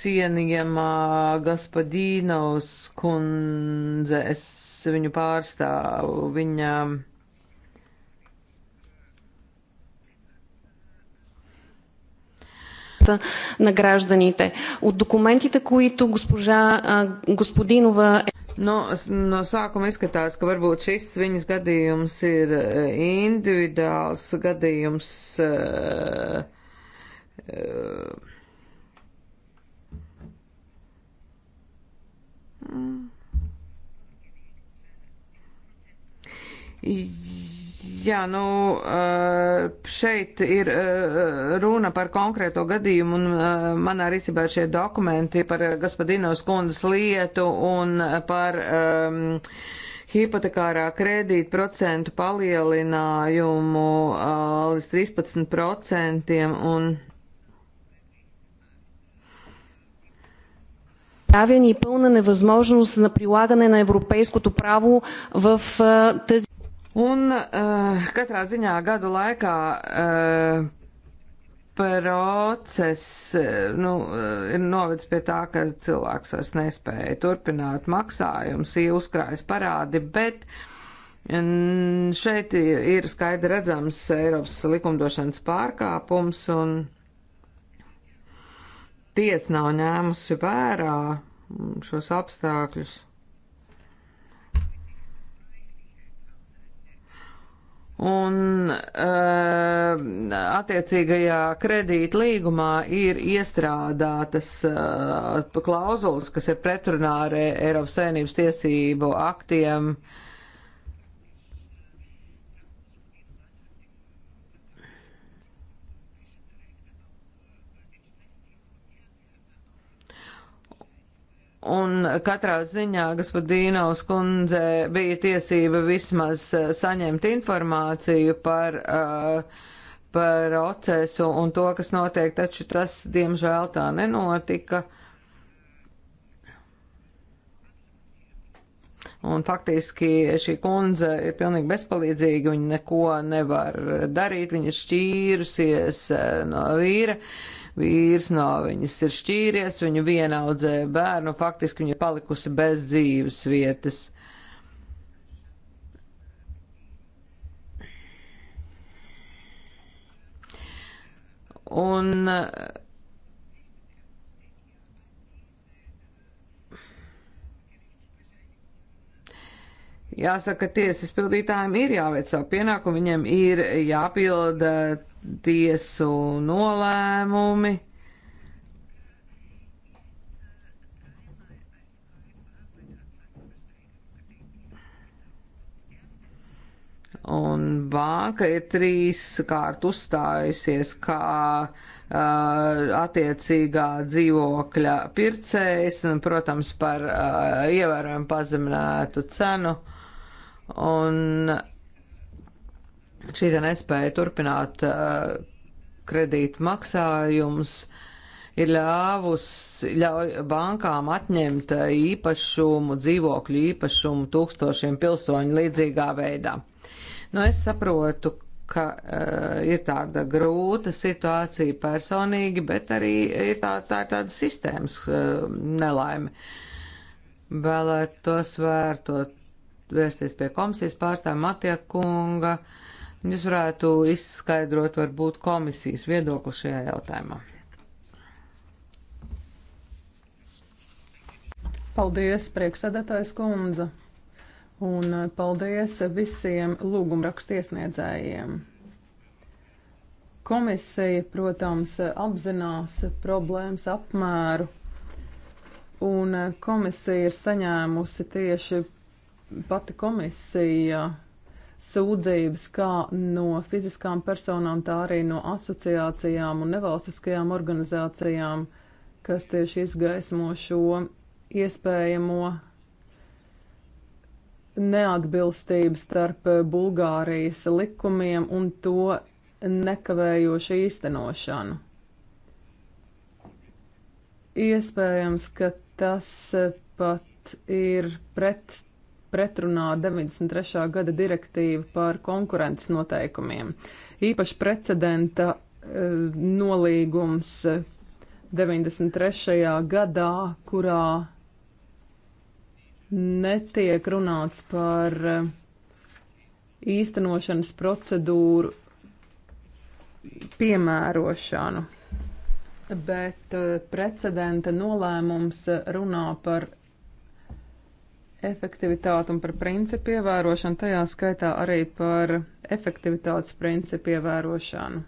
cienījamā Gaspadīnaus kundze, es viņu pārstāvu, viņam правата на гражданите. От документите, които госпожа Господинова е Nu, no sākuma izskatās, ka varbūt šis viņas gadījums ir individuāls gadījums. Uh, uh, mm. Jā, nu, eh, šeit ir eh, runa par konkrēto gadījumu, un eh, manā rīcībā ir šie dokumenti par Gaspadinos kundas lietu un par um, hipotekārā kredīta procentu palielinājumu uh, līdz 13%. Un... Правен и пълна невъзможност на прилагане на европейското право в э, тази. Un uh, katrā ziņā gadu laikā uh, process eh, nu, ir novedis pie tā, ka cilvēks vairs nespēja turpināt maksājumus, uzkrājas parādi, bet šeit ir skaidri redzams Eiropas likumdošanas pārkāpums un tiesa nav ņēmusi vērā šos apstākļus. Un uh, attiecīgajā kredīta līgumā ir iestrādātas uh, klauzulas, kas ir pretrunā ar Eiropas Savienības tiesību aktiem uh, Un katrā ziņā Gaspardīnaus kundze bija tiesība vismaz eh, saņemt informāciju par, uh, par procesu un to, kas notiek, taču tas, diemžēl, tā nenotika. Un faktiski šī kundze ir pilnīgi bezpalīdzīga, viņa neko nevar darīt, viņa šķīrusies eh, no vīra. Uh, vīrs no viņas ir šķīries, viņu vienaudzē bērnu, faktiski viņa palikusi bez dzīves vietas. Un jāsaka, tiesas pildītājiem ir jāveic savu pienākumu, viņiem ir jāpilda tiesu nolēmumi. Un banka ir trīs kārt uzstājusies kā uh, attiecīgā dzīvokļa pircējs, un, protams, par uh, ievērojami pazeminātu cenu. Un uh, šī te nespēja turpināt uh, kredīt maksājums ir ļāvusi ļauj bankām atņemt eh, īpašumu, dzīvokļu īpašumu tūkstošiem pilsoņu līdzīgā veidā. Nu, es saprotu, ka uh, ir tāda grūta situācija personīgi, bet arī ir tā, tā ir tāda sistēmas uh, nelaime. Vēlētos vērtot, vērsties pie komisijas pārstāvja Matija Kunga. Uh, Jūs varētu izskaidrot varbūt komisijas viedokli šajā jautājumā. Paldies, priekšsēdētājs kundze, un eh, paldies visiem lūgumrakstiesniedzējiem. Komisija, protams, apzinās problēmas apmēru, un eh, komisija ir saņēmusi tieši pati komisija sūdzības kā no fiziskām personām, tā arī no asociācijām un nevalstiskajām organizācijām, kas tieši izgaismo šo iespējamo neatbilstību starp Bulgārijas likumiem un to nekavējošu īstenošanu. Iespējams, ka tas pat ir pret pretrunā 93. gada direktīva par konkurences noteikumiem. Īpaši precedenta e, nolīgums 93. E, gadā, kurā netiek runāts par e, īstenošanas procedūru piemērošanu, bet precedenta nolēmums runā par efektivitāti un par principu ievērošanu, tajā skaitā arī par efektivitātes principu ievērošanu,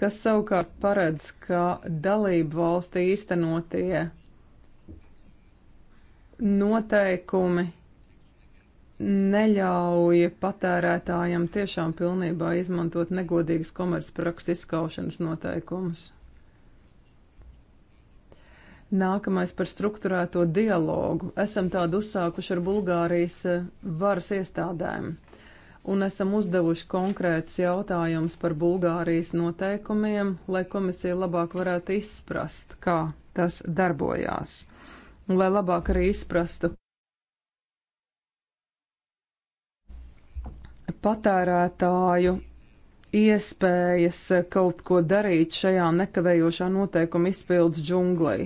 kas savukārt paredz, ka dalību valstu īstenotie noteikumi neļauj patērētājam tiešām pilnībā izmantot negodīgas komercprakses izskaušanas noteikumus. Nākamais par struktūrēto dialogu. Esam tādu uzsākuši ar Bulgārijas eh, varas iestādēm un esam uzdevuši konkrētus jautājumus par Bulgārijas noteikumiem, lai komisija labāk varētu izprast, kā tas darbojās, un lai labāk arī izprastu patērētāju iespējas kaut ko darīt šajā nekavējošā noteikuma izpildes džunglī.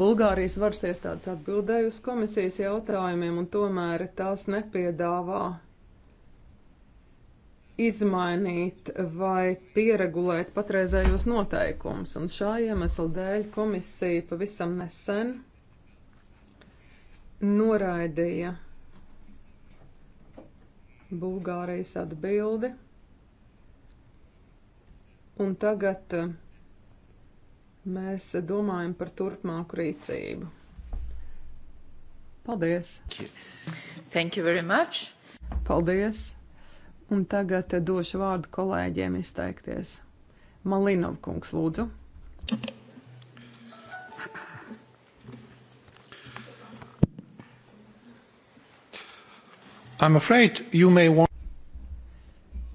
Bulgārijas varas iestādes atbildēja uz komisijas jautājumiem, un tomēr tās nepiedāvā izmainīt vai pieregulēt patreizējos noteikumus. Un šā iemesla dēļ komisija pavisam nesen noraidīja Bulgārijas atbildi. Un tagad uh, mēs domājam par turpmāku rīcību. Paldies! Thank you very much! Paldies! Un tagad došu vārdu kolēģiem izteikties. Malinov kungs, lūdzu. I'm afraid you may want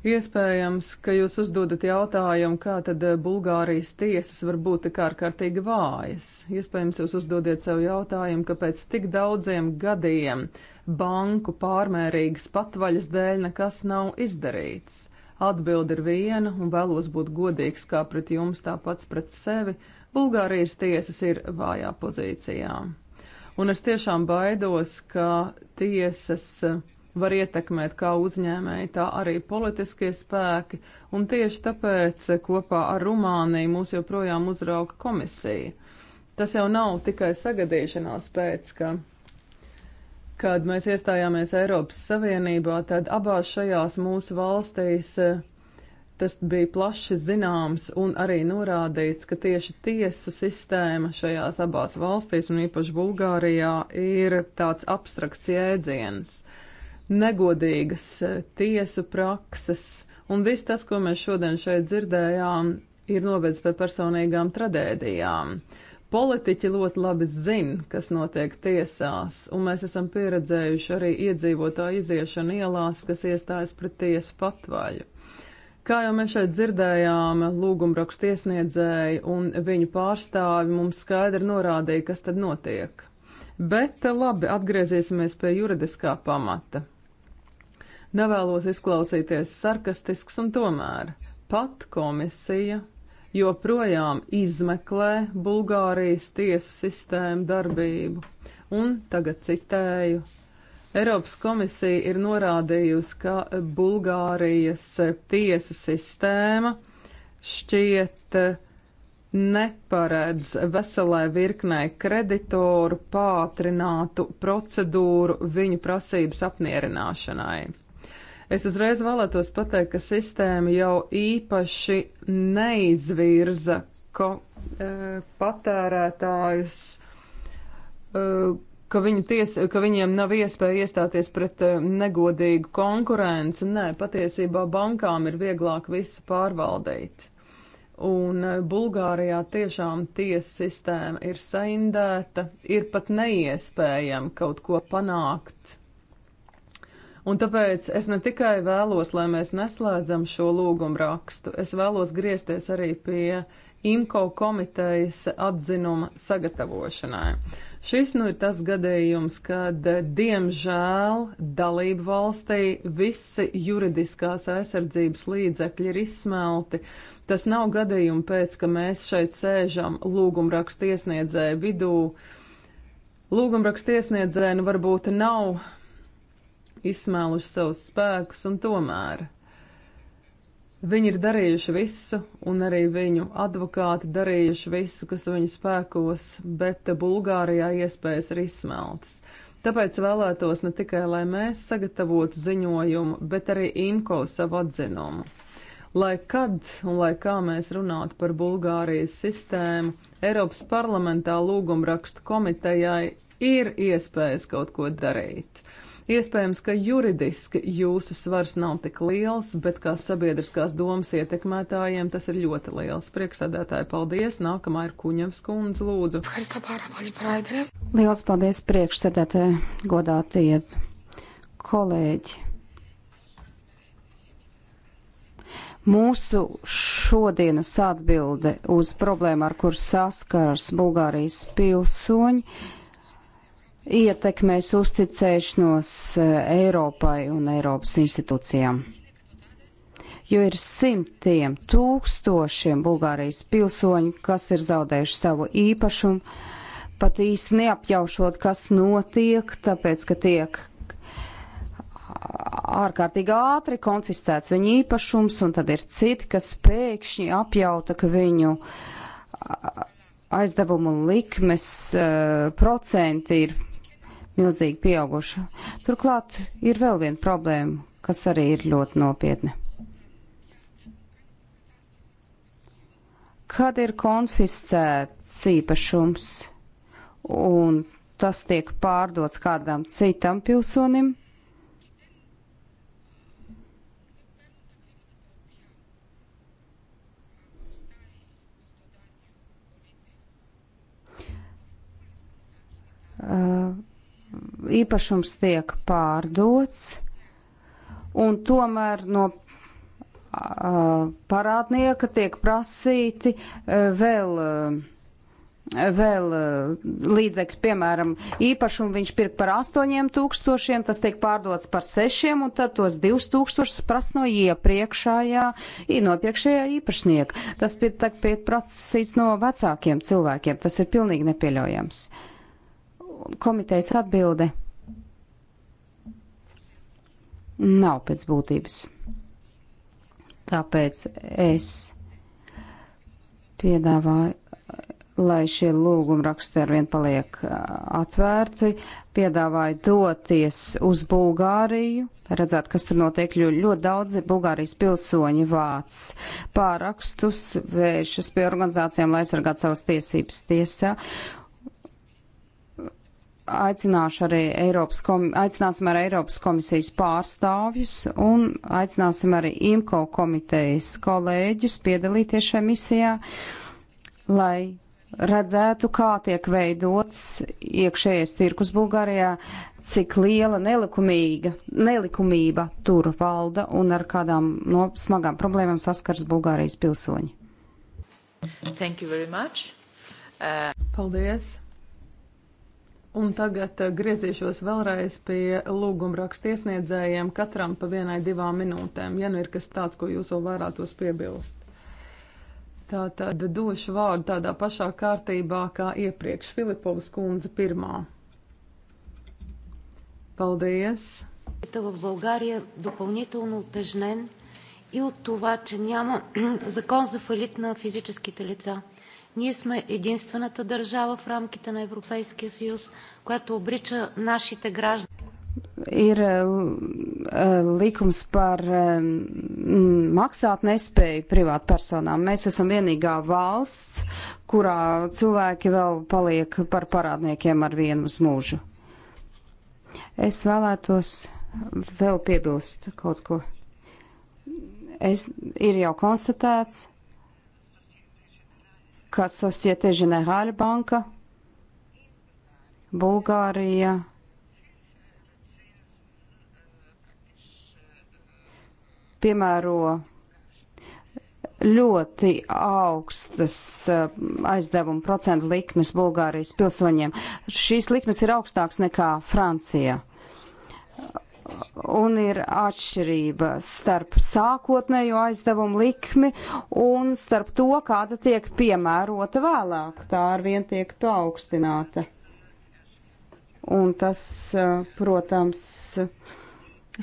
Iespējams, ka jūs uzdodat jautājumu, kā tad eh, Bulgārijas tiesas var būt tik ārkārtīgi vājas. Iespējams, jūs uzdodiet sev jautājumu, kāpēc tik daudziem gadiem banku pārmērīgas patvaļas dēļ nekas nav izdarīts. Atbilde ir viena, un vēlos būt godīgs kā pret jums, tāpat pret sevi. Bulgārijas tiesas ir vājā pozīcijā. Un es tiešām baidos, ka tiesas var ietekmēt kā uzņēmēji, tā arī politiskie spēki, un tieši tāpēc kopā ar Rumāniju mūs joprojām uzrauga komisija. Tas jau nav tikai sagadīšanās pēc, ka, kad mēs iestājāmies Eiropas Savienībā, tad abās šajās mūsu valstīs eh, tas bija plaši zināms un arī norādīts, ka tieši tiesu sistēma šajās abās valstīs, un īpaši Bulgārijā, ir tāds abstrakts jēdziens. Uh, negodīgas eh, tiesu prakses, un viss tas, ko mēs šodien šeit dzirdējām, ir novedis pie personīgām traģēdijām. Politiķi ļoti labi zina, kas notiek tiesās, un mēs esam pieredzējuši arī iedzīvotāju iziešanu ielās, kas iestājas pret tiesu patvaļu. Kā jau mēs šeit dzirdējām, lūgumrakstu iesniedzēji un viņu pārstāvi mums skaidri norādīja, kas tad notiek. Bet labi, atgriezīsimies pie juridiskā pamata. Nevēlos izklausīties sarkastisks, un tomēr pat komisija joprojām izmeklē Bulgārijas tiesu sistēmu darbību. Un tagad citēju. Eiropas komisija ir norādījusi, ka Bulgārijas tiesu sistēma šķiet neparedz veselai virknei kreditoru pātrinātu procedūru viņu prasības apmierināšanai. Es uzreiz vēlētos pateikt, ka sistēma jau īpaši neizvirza ko, e, patērētājus. E, ka, ties, ka viņiem nav iespēja iestāties pret e, negodīgu konkurenci. Nē, patiesībā bankām ir vieglāk visu pārvaldīt. Un e, Bulgārijā tiešām tiesu sistēma ir saindēta, ir pat neiespējami kaut ko panākt Un tāpēc es ne tikai vēlos, lai mēs neslēdzam šo lūgumu rakstu, es vēlos griezties arī pie IMCO komitejas atzinuma sagatavošanai. Šis nu ir tas gadījums, kad diemžēl dalību valstī visi juridiskās aizsardzības līdzekļi ir izsmelti, Tas nav gadījums pēc, ka mēs šeit sēžam lūgumrakstu iesniedzēju vidū. Lūgumrakstu iesniedzēju nu varbūt nav izsmēluši savus spēkus, un tomēr viņi ir darījuši visu, un arī viņu advokāti darījuši visu, kas viņu spēkos, bet Bulgārijā iespējas ir izsmeltas. Tāpēc vēlētos ne tikai, lai mēs sagatavotu ziņojumu, bet arī IMCO savu atzinumu. Lai kad un lai kā mēs runātu par Bulgārijas sistēmu, Eiropas parlamentā lūgumrakstu komitejai ir iespējas kaut ko darīt. Iespējams, ka juridiski jūsu svars nav tik liels, bet kā sabiedriskās domas ietekmētājiem tas ir ļoti liels. Priekšsēdētāji, paldies! Nākamā ir Kuņevs kundze, lūdzu. Liels paldies priekšsēdētāji, godātie kolēģi! Mūsu šodienas atbilde uz problēmu, ar kur saskars Bulgārijas pilsoņi, ietekmēs uzticēšanos eh, Eiropai un Eiropas institūcijām. Jo ir simtiem, tūkstošiem Bulgārijas pilsoņu, kas ir zaudējuši savu īpašumu, pat īsti neapjaušot, kas notiek, tāpēc, ka tiek ārkārtīgi ātri konfiscēts viņa īpašums, un tad ir citi, kas pēkšņi apjauta, ka viņu aizdevumu likmes uh, procenti ir milzīgi pieauguši. Turklāt ir vēl viena problēma, kas arī ir ļoti nopietna. Kad ir konfiscēts īpašums un tas tiek pārdots kādam citam pilsonim, Uh, īpašums tiek pārdots, un tomēr no parādnieka tiek prasīti e, vēl, e, vēl e, līdzekļi, piemēram, īpašumu viņš pirk par 8000, tas tiek pārdots par 6, un tad tos 2000 prasa no iepriekšējā, no iepriekšējā īpašnieka. Tas pie, tā, pie prasīts no vecākiem cilvēkiem, tas ir pilnīgi nepieļaujams. Uh, komitejas atbilde nav pēc būtības. Tāpēc es piedāvāju, lai šie lūguma raksti arvien paliek atvērti, piedāvāju doties uz Bulgāriju, redzēt, kas tur notiek, jo ļoti daudzi Bulgārijas pilsoņi vāc pārakstus, vēršas pie organizācijām, lai aizsargātu savas tiesības tiesā, aicināšu arī Eiropas, kom, aicināsim arī Eiropas komisijas pārstāvjus un aicināsim arī IMCO komitejas kolēģus piedalīties šajā misijā, lai redzētu, kā tiek veidots iekšējais tirkus Bulgārijā, cik liela nelikumīga, nelikumība tur valda un ar kādām no smagām problēmām saskars Bulgārijas pilsoņi. Thank you very much. Uh... Paldies! Un tagad eh, griezīšos vēlreiz pie lūguma rakstiesniedzējiem, katram pa vienai divām minūtēm, ja nu ir kas tāds, ko jūs vēl vērātos piebilst. Tā tad došu vārdu tādā pašā kārtībā kā iepriekš Filipovas kundze pirmā. Paldies! в България допълнително отъжнен и от това, че няма закон за фалит на физическите лица. Ние сме единствената държава в рамките на Европейския съюз, която обрича нашите граждани. Ir likums par maksāt nespēju privātpersonām. Mēs esam vienīgā valsts, kurā cilvēki vēl paliek par parādniekiem ar vienu uz mūžu. Es vēlētos vēl piebilst kaut ko. Es, ir jau konstatēts, ka Societe Ženehāļa banka, Bulgārija, piemēro ļoti augstas eh, aizdevuma procentu likmes Bulgārijas pilsoņiem. Šīs likmes ir augstākas nekā Francijā un ir atšķirība starp sākotnējo aizdevumu likmi un starp to, kāda tiek piemērota vēlāk. Tā arvien tiek paaugstināta. Un tas, eh, protams,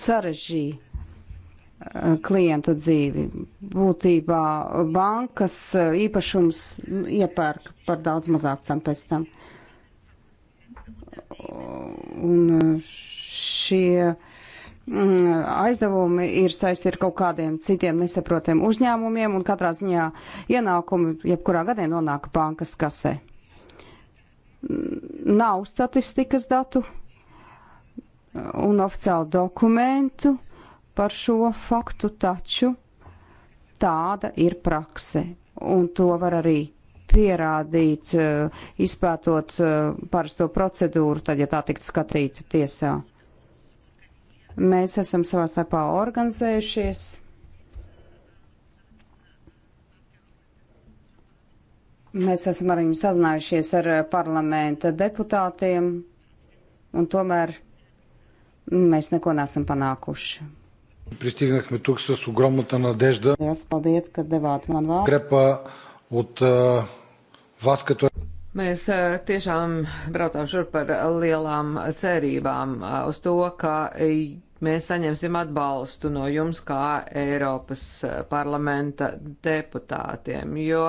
sarežģīja eh, klientu dzīvi. Būtībā bankas eh, īpašums iepērk par daudz mazāk cenu pēc tam. Un šie Mm, aizdevumi ir saistīti ar kaut kādiem citiem nesaprotiem uzņēmumiem, un katrā ziņā ienākumi jebkurā gadē nonāk bankas kasē. Mm, nav statistikas datu un oficiālu dokumentu par šo faktu, taču tāda ir prakse, un to var arī pierādīt, eh, izpētot eh, parasto procedūru, tad, ja tā tikt skatīta tiesā. Mēs esam savā starpā organizējušies. Mēs esam ar viņu sazinājušies ar eh, parlamenta deputātiem, un tomēr mēs neko nesam panākuši. Пристигнахме тук с огромната надежда. Аз палдият къде ват ман ва. Крепа от а, вас като... Mēs tiešām braucām šur par lielām cerībām uz to, ka mēs saņemsim atbalstu no jums kā Eiropas eh, parlamenta deputātiem, jo,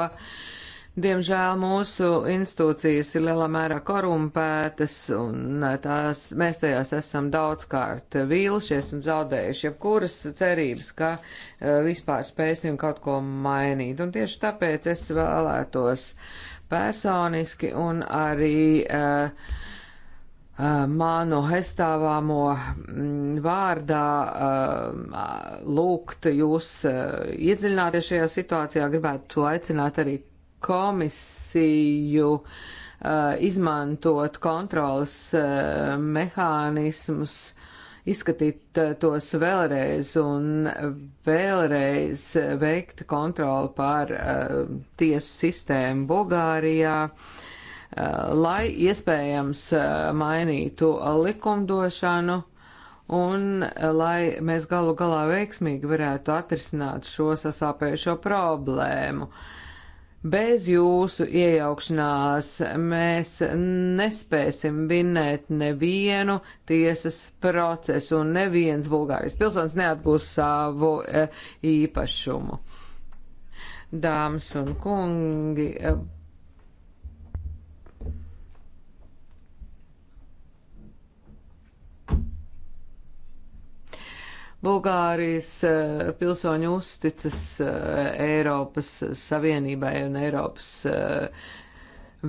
diemžēl, mūsu institūcijas ir lielā mērā korumpētas un eh, tās, mēs tajās esam daudzkārt vīlušies un zaudējuši jebkuras cerības, ka eh, vispār spēsim kaut ko mainīt. Un tieši tāpēc es vēlētos personiski un arī uh, Eh, manu aizstāvāmo mm, vārdā eh, lūgt jūs eh, iedziļināties šajā situācijā, gribētu to aicināt arī komisiju izmantot kontrolas mehānismus, izskatīt tos vēlreiz un vēlreiz veikt kontroli pār tiesu sistēmu Bulgārijā. Uh, Eh, lai iespējams eh, mainītu likumdošanu un eh, lai mēs galu galā veiksmīgi varētu atrisināt šo sasāpējušo problēmu. Bez jūsu iejaukšanās mēs nespēsim vinēt nevienu tiesas procesu un neviens Bulgārijas pilsonis neatgūs savu īpašumu. Dāmas un kungi, Bulgārijas eh, pilsoņu uzticas eh, Eiropas Savienībai un Eiropas eh,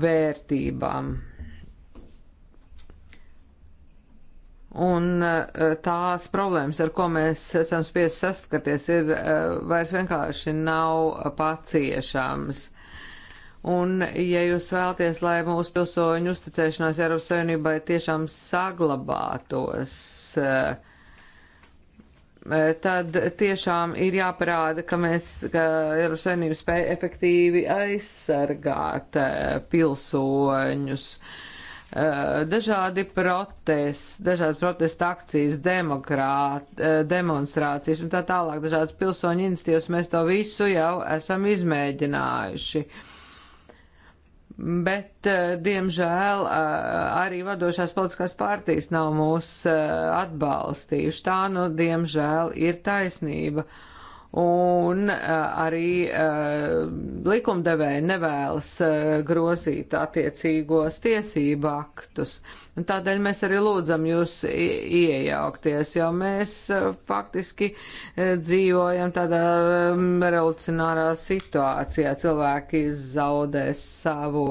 vērtībām. Un tās problēmas, ar ko mēs esam spiesti saskaties, ir vairs vienkārši nav paciešams. Un, ja jūs vēlaties, lai mūsu pilsoņu uzticēšanās Eiropas Savienībai tiešām saglabātos, uh, Eh, tad tiešām ir jāparāda, ka mēs, ka Eiropas Savienība spēja efektīvi aizsargāt eh, pilsoņus. Eh, dažādi protests, dažādas protesta akcijas, demokrāt, demonstrācijas un tā tālāk, dažādas pilsoņu iniciatīvas, mēs to visu jau esam izmēģinājuši. Uh, bet, eh, diemžēl, eh, arī vadošās politiskās pārtīs nav mūs eh, atbalstījuši. Tā, nu, diemžēl, ir taisnība. Uh, un eh, arī eh, likumdevēji nevēlas eh, grozīt attiecīgos tiesību aktus. Un tādēļ mēs arī lūdzam jūs iejaukties, jo mēs faktiski dzīvojam tādā mm, revolucionārā situācijā. Cilvēki zaudēs savu,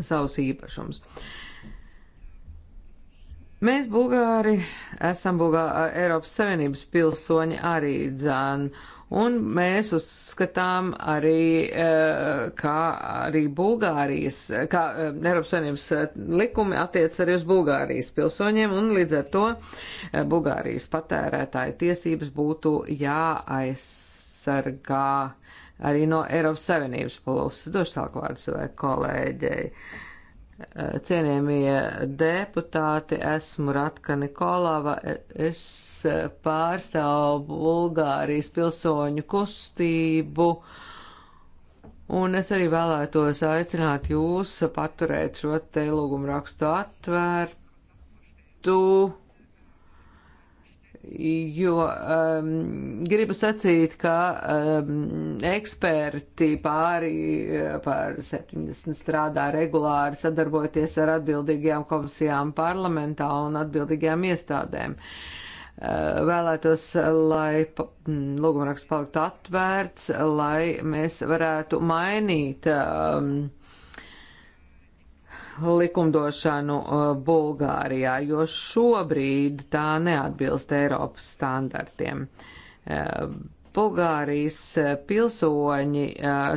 savus īpašumus. Uh, Mēs, Bulgāri, esam Bulgā Eiropas Savienības pilsoņi arī dzēn, un mēs uzskatām arī, e, kā arī Bulgārijas, kā e, Eiropas Savienības e, likumi attiec arī uz Bulgārijas pilsoņiem, un līdz ar to Bulgārijas patērētāju tiesības būtu jāaizsargā arī no Eiropas Savienības puses. Došu tālāk vārdus vai kolēģei. Cienījamie deputāti, esmu Ratka Nikolava, es pārstāvu Bulgārijas pilsoņu kustību, un es arī vēlētos aicināt jūs paturēt šo te lūgumu rakstu atvērtu jo um, gribu sacīt, ka um, eksperti pāri uh, par 70 strādā regulāri sadarboties ar atbildīgajām komisijām parlamentā un atbildīgajām iestādēm. Uh, vēlētos, lai mm, lūgumraksts paliktu atvērts, lai mēs varētu mainīt um, likumdošanu uh, Bulgārijā, jo šobrīd tā neatbilst Eiropas standartiem. Uh, Bulgārijas uh, pilsoņi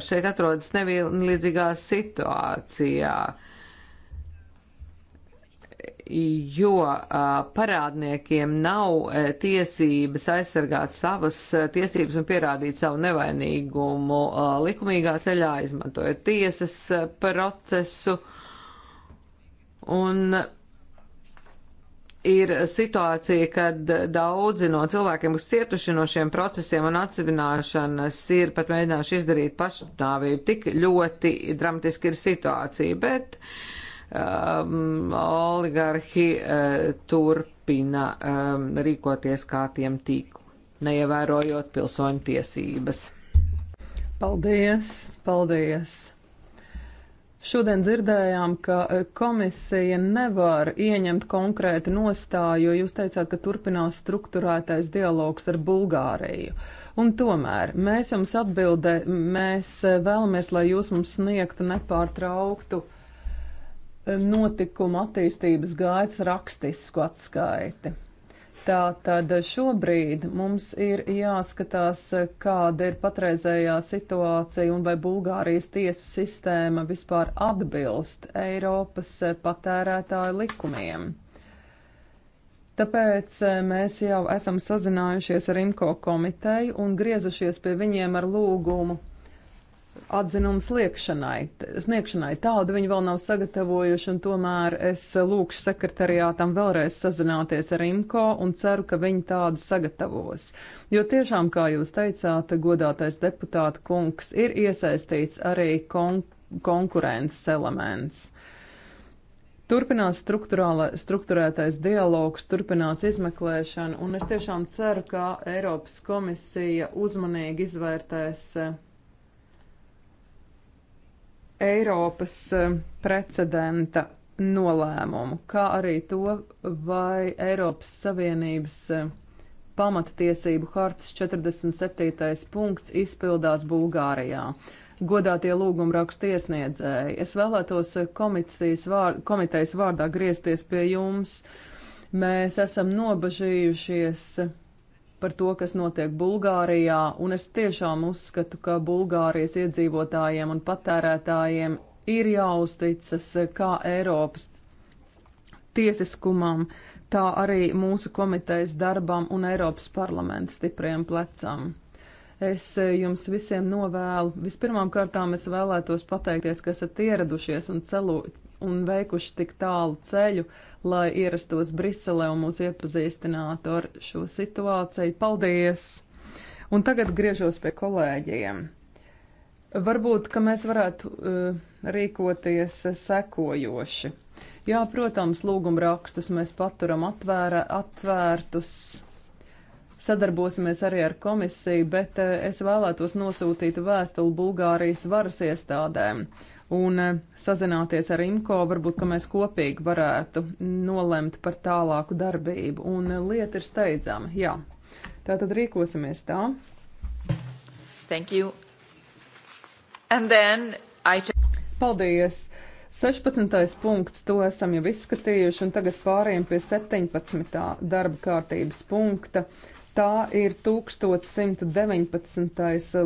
šeit atrodas nevienlīdzīgā situācijā, jo parādniekiem nav tiesības aizsargāt savas tiesības un pierādīt savu nevainīgumu likumīgā ceļā, izmantojot tiesas procesu. Un ir situācija, kad daudzi no cilvēkiem, kas cietuši no šiem procesiem un atsevināšanas, ir pat mēģinājuši izdarīt pašnāvību. Tik ļoti dramatiski ir situācija, bet um, oligarhi uh, turpina um, rīkoties kā tiem tīk, neievērojot pilsoņu tiesības. Paldies! Paldies! Šodien dzirdējām, ka e, komisija nevar ieņemt konkrētu nostāju, jo jūs teicāt, ka turpinās struktūrētais dialogs ar Bulgāriju. Un tomēr mēs jums atbildē, mēs e, vēlamies, lai jūs mums sniegtu nepārtrauktu e, notikumu attīstības gaitas rakstisku atskaiti. Tā tad šobrīd mums ir jāskatās, kāda ir patreizējā situācija un vai Bulgārijas tiesu sistēma vispār atbilst Eiropas patērētāju likumiem. Tāpēc eh, mēs jau esam sazinājušies ar IMCO komiteju un griezušies pie viņiem ar lūgumu atzinumu sniegšanai. Tādu viņi vēl nav sagatavojuši, un tomēr es lūkšu sekretariātam vēlreiz sazināties ar IMCO un ceru, ka viņi tādu sagatavos. Jo tiešām, kā jūs teicāt, godātais deputāta kungs ir iesaistīts arī kon konkurences elements. Turpinās struktūrētais dialogs, turpinās izmeklēšana, un es tiešām ceru, ka Eiropas komisija uzmanīgi izvērtēs Eiropas eh, precedenta nolēmumu, kā arī to, vai Eiropas Savienības eh, pamatiesību hartas 47. punkts izpildās Bulgārijā. Godātie lūguma rakstu iesniedzēji, es vēlētos eh, vār, komitejas vārdā griezties pie jums. Mēs esam nobažījušies par to, kas notiek Bulgārijā, un es tiešām uzskatu, ka Bulgārijas iedzīvotājiem un patērētājiem ir jāuzticas kā Eiropas tiesiskumam, tā arī mūsu komitejas darbam un Eiropas parlamenta stipriem plecam. Es jums visiem novēlu. Vispirmām kārtām es vēlētos pateikties, ka esat ieradušies un celu, un veikuši tik tālu ceļu, lai ierastos Briselē un mūs iepazīstinātu ar šo situāciju. Paldies! Un tagad griežos pie kolēģiem. Varbūt, ka mēs varētu uh, rīkoties sekojoši. Jā, protams, lūgumrakstus mēs paturam atvēra, atvērtus sadarbosimies arī ar komisiju, bet eh, es vēlētos nosūtīt vēstuli Bulgārijas varas iestādēm un eh, sazināties ar IMCO, varbūt, ka mēs kopīgi varētu nolemt par tālāku darbību. Un eh, lieta ir steidzama, jā. Tā tad rīkosimies tā. Thank you. And then I... Paldies! 16. punkts, to esam jau izskatījuši, un tagad pāriem pie 17. darba kārtības punkta. Tā ir 1119.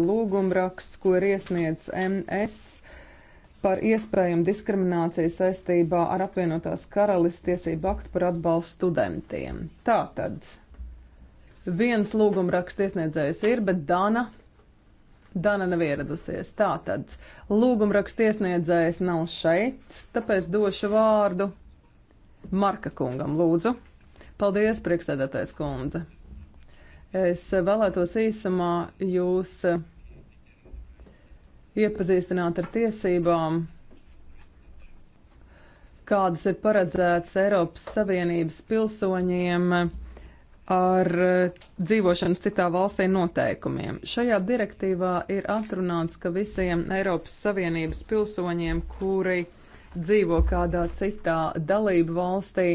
lūgumraksts, ko ir iesniedz MS par iespējamu diskrimināciju saistībā ar apvienotās karalistes tiesību aktu par atbalstu studentiem. Tātad viens lūgumraksts iesniedzējs ir, bet Dana Dana nav ieradusies. Tātad lūgumraksta iesniedzējs nav šeit, tāpēc došu vārdu Marka kungam. Lūdzu, paldies, priekšsēdētājs kundze. Es vēlētos īsumā jūs iepazīstināt ar tiesībām, kādas ir paredzētas Eiropas Savienības pilsoņiem ar dzīvošanas citā valstī noteikumiem. Šajā direktīvā ir atrunāts, ka visiem Eiropas Savienības pilsoņiem, kuri dzīvo kādā citā dalību valstī,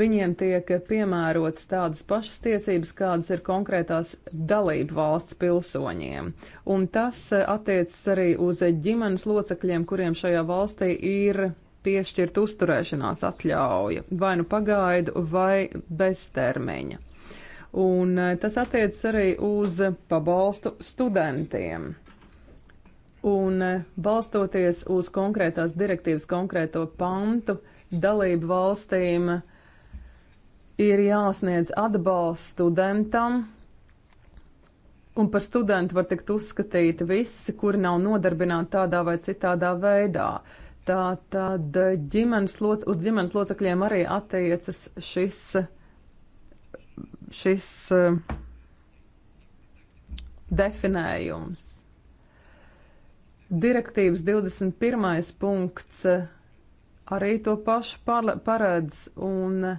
viņiem tiek piemērotas tādas pašas tiesības, kādas ir konkrētās dalību valsts pilsoņiem. Un tas eh, attiecas arī uz ģimenes locekļiem, kuriem šajā valstī ir piešķirt uzturēšanās atļauja, vai nu pagaidu, vai beztermiņa. Un eh, tas attiecas arī uz pabalstu studentiem. Un eh, balstoties uz konkrētās direktīvas konkrēto pantu, dalību valstīm uh, ir jāsniedz atbalsts studentam, un par studentu var tikt uzskatīti visi, kuri nav nodarbināti tādā vai citādā veidā. Tā tad ģimenes loc, uz ģimenes locekļiem arī attiecas šis, šis uh, definējums. Direktīvas 21. punkts eh, arī to pašu paredz, un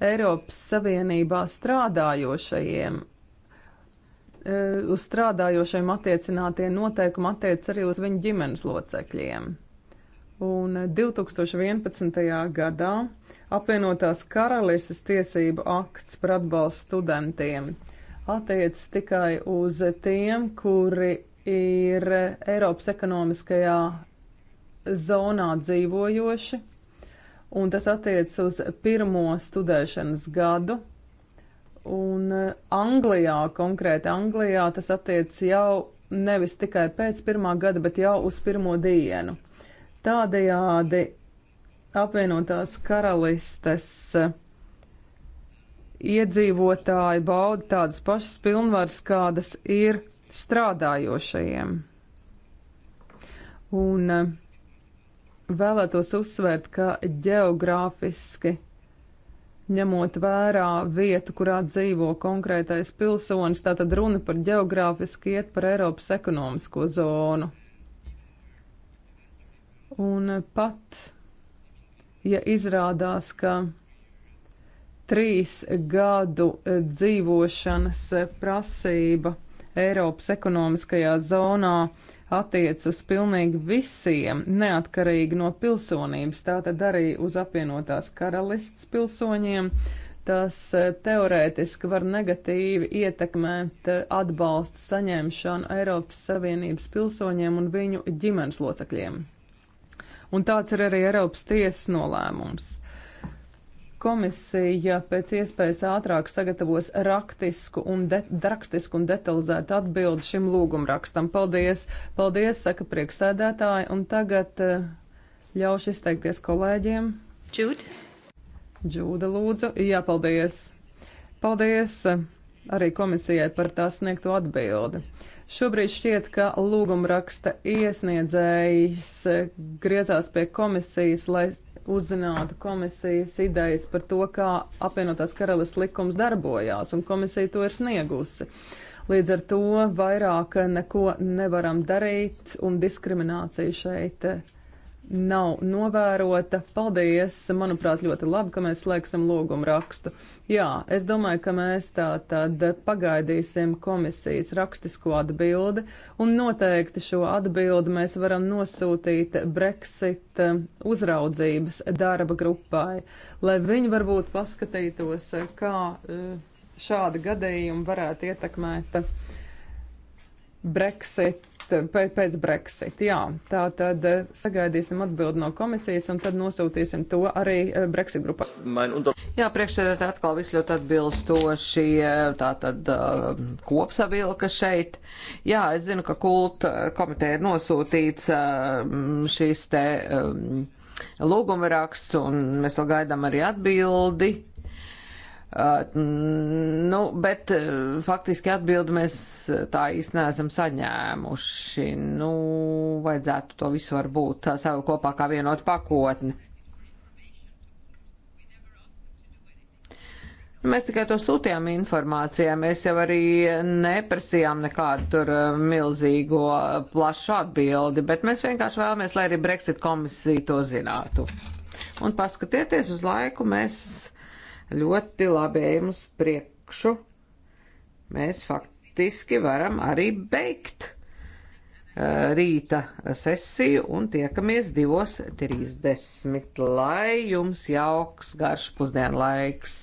Eiropas Savienībā strādājošajiem. E, uz strādājošiem attiecinātie noteikumi attiec arī uz viņu ģimenes locekļiem. Un 2011. gadā apvienotās karalistes tiesību akts par atbalstu studentiem attiec tikai uz tiem, kuri ir Eiropas ekonomiskajā zonā dzīvojoši un tas attiecas uz pirmo studēšanas gadu. Un e, Anglijā, konkrēti Anglijā, tas attiecas jau nevis tikai pēc pirmā gada, bet jau uz pirmo dienu. Tādējādi apvienotās karalistes e, iedzīvotāji bauda tādas pašas pilnvaras, kādas ir strādājošajiem. Un uh, vēlētos uzsvērt, ka geogrāfiski ņemot vērā vietu, kurā dzīvo konkrētais pilsonis, tātad runa par geogrāfiski iet par Eiropas ekonomisko zonu. Un pat, ja izrādās, ka trīs gadu dzīvošanas prasība Eiropas ekonomiskajā zonā uh, attiec uz pilnīgi visiem, neatkarīgi no pilsonības, tātad arī uz apvienotās karalists pilsoņiem. Tas e, teorētiski var negatīvi ietekmēt e, atbalsta saņemšanu Eiropas Savienības pilsoņiem un viņu ģimenes locekļiem. Un tāds ir arī Eiropas tiesas nolēmums. Komisija pēc iespējas ātrāk sagatavos rakstisku un, de rakstisku un detalizētu atbildi šim lūgumrakstam. Paldies! Paldies, saka prieksēdētāji, un tagad uh, ļaušu izteikties kolēģiem. Džūda. Džūda lūdzu. Jā, paldies. Paldies eh, arī komisijai par tā sniegto atbildi. Šobrīd šķiet, ka lūgumraksta iesniedzējs eh, griezās pie komisijas, lai uzzinātu komisijas idejas par to, kā apvienotās karalis likums darbojās, un komisija to ir sniegusi. Līdz ar to vairāk neko nevaram darīt, un diskriminācija šeit nav novērota. Paldies! Manuprāt, ļoti labi, ka mēs slēgsim lūgumu rakstu. Jā, es domāju, ka mēs tā tad pagaidīsim komisijas rakstisko atbildi, un noteikti šo atbildi mēs varam nosūtīt Brexit eh, uzraudzības darba grupai, lai viņi varbūt paskatītos, eh, kā eh, šādi gadījumi varētu ietekmēt Brexit pēc Brexit. Jā, tā tad eh, sagaidīsim atbildi no komisijas un tad nosūtīsim to arī eh, Brexit grupā. Jā, priekšsēdētāji atkal viss ļoti atbilstoši, eh, tā tad kopsavilka šeit. Jā, es zinu, ka kulta komiteja ir nosūtīts šīs te lūgumraksts un mēs vēl gaidām arī atbildi. Uh, nu, bet uh, faktiski atbildi mēs uh, tā īsti neesam saņēmuši. Nu, vajadzētu to visu varbūt tā savu kopā kā vienotu pakotni. Mēs tikai to sūtījām informācijā, mēs jau arī neprasījām nekādu tur uh, milzīgo uh, plašu atbildi, bet mēs vienkārši vēlamies, lai arī Brexit komisija to zinātu. Un paskatieties uz laiku, mēs ļoti labi ejam uz priekšu. Mēs faktiski varam arī beigt uh, rīta sesiju un tiekamies 2.30, lai jums jauks garš pusdienlaiks.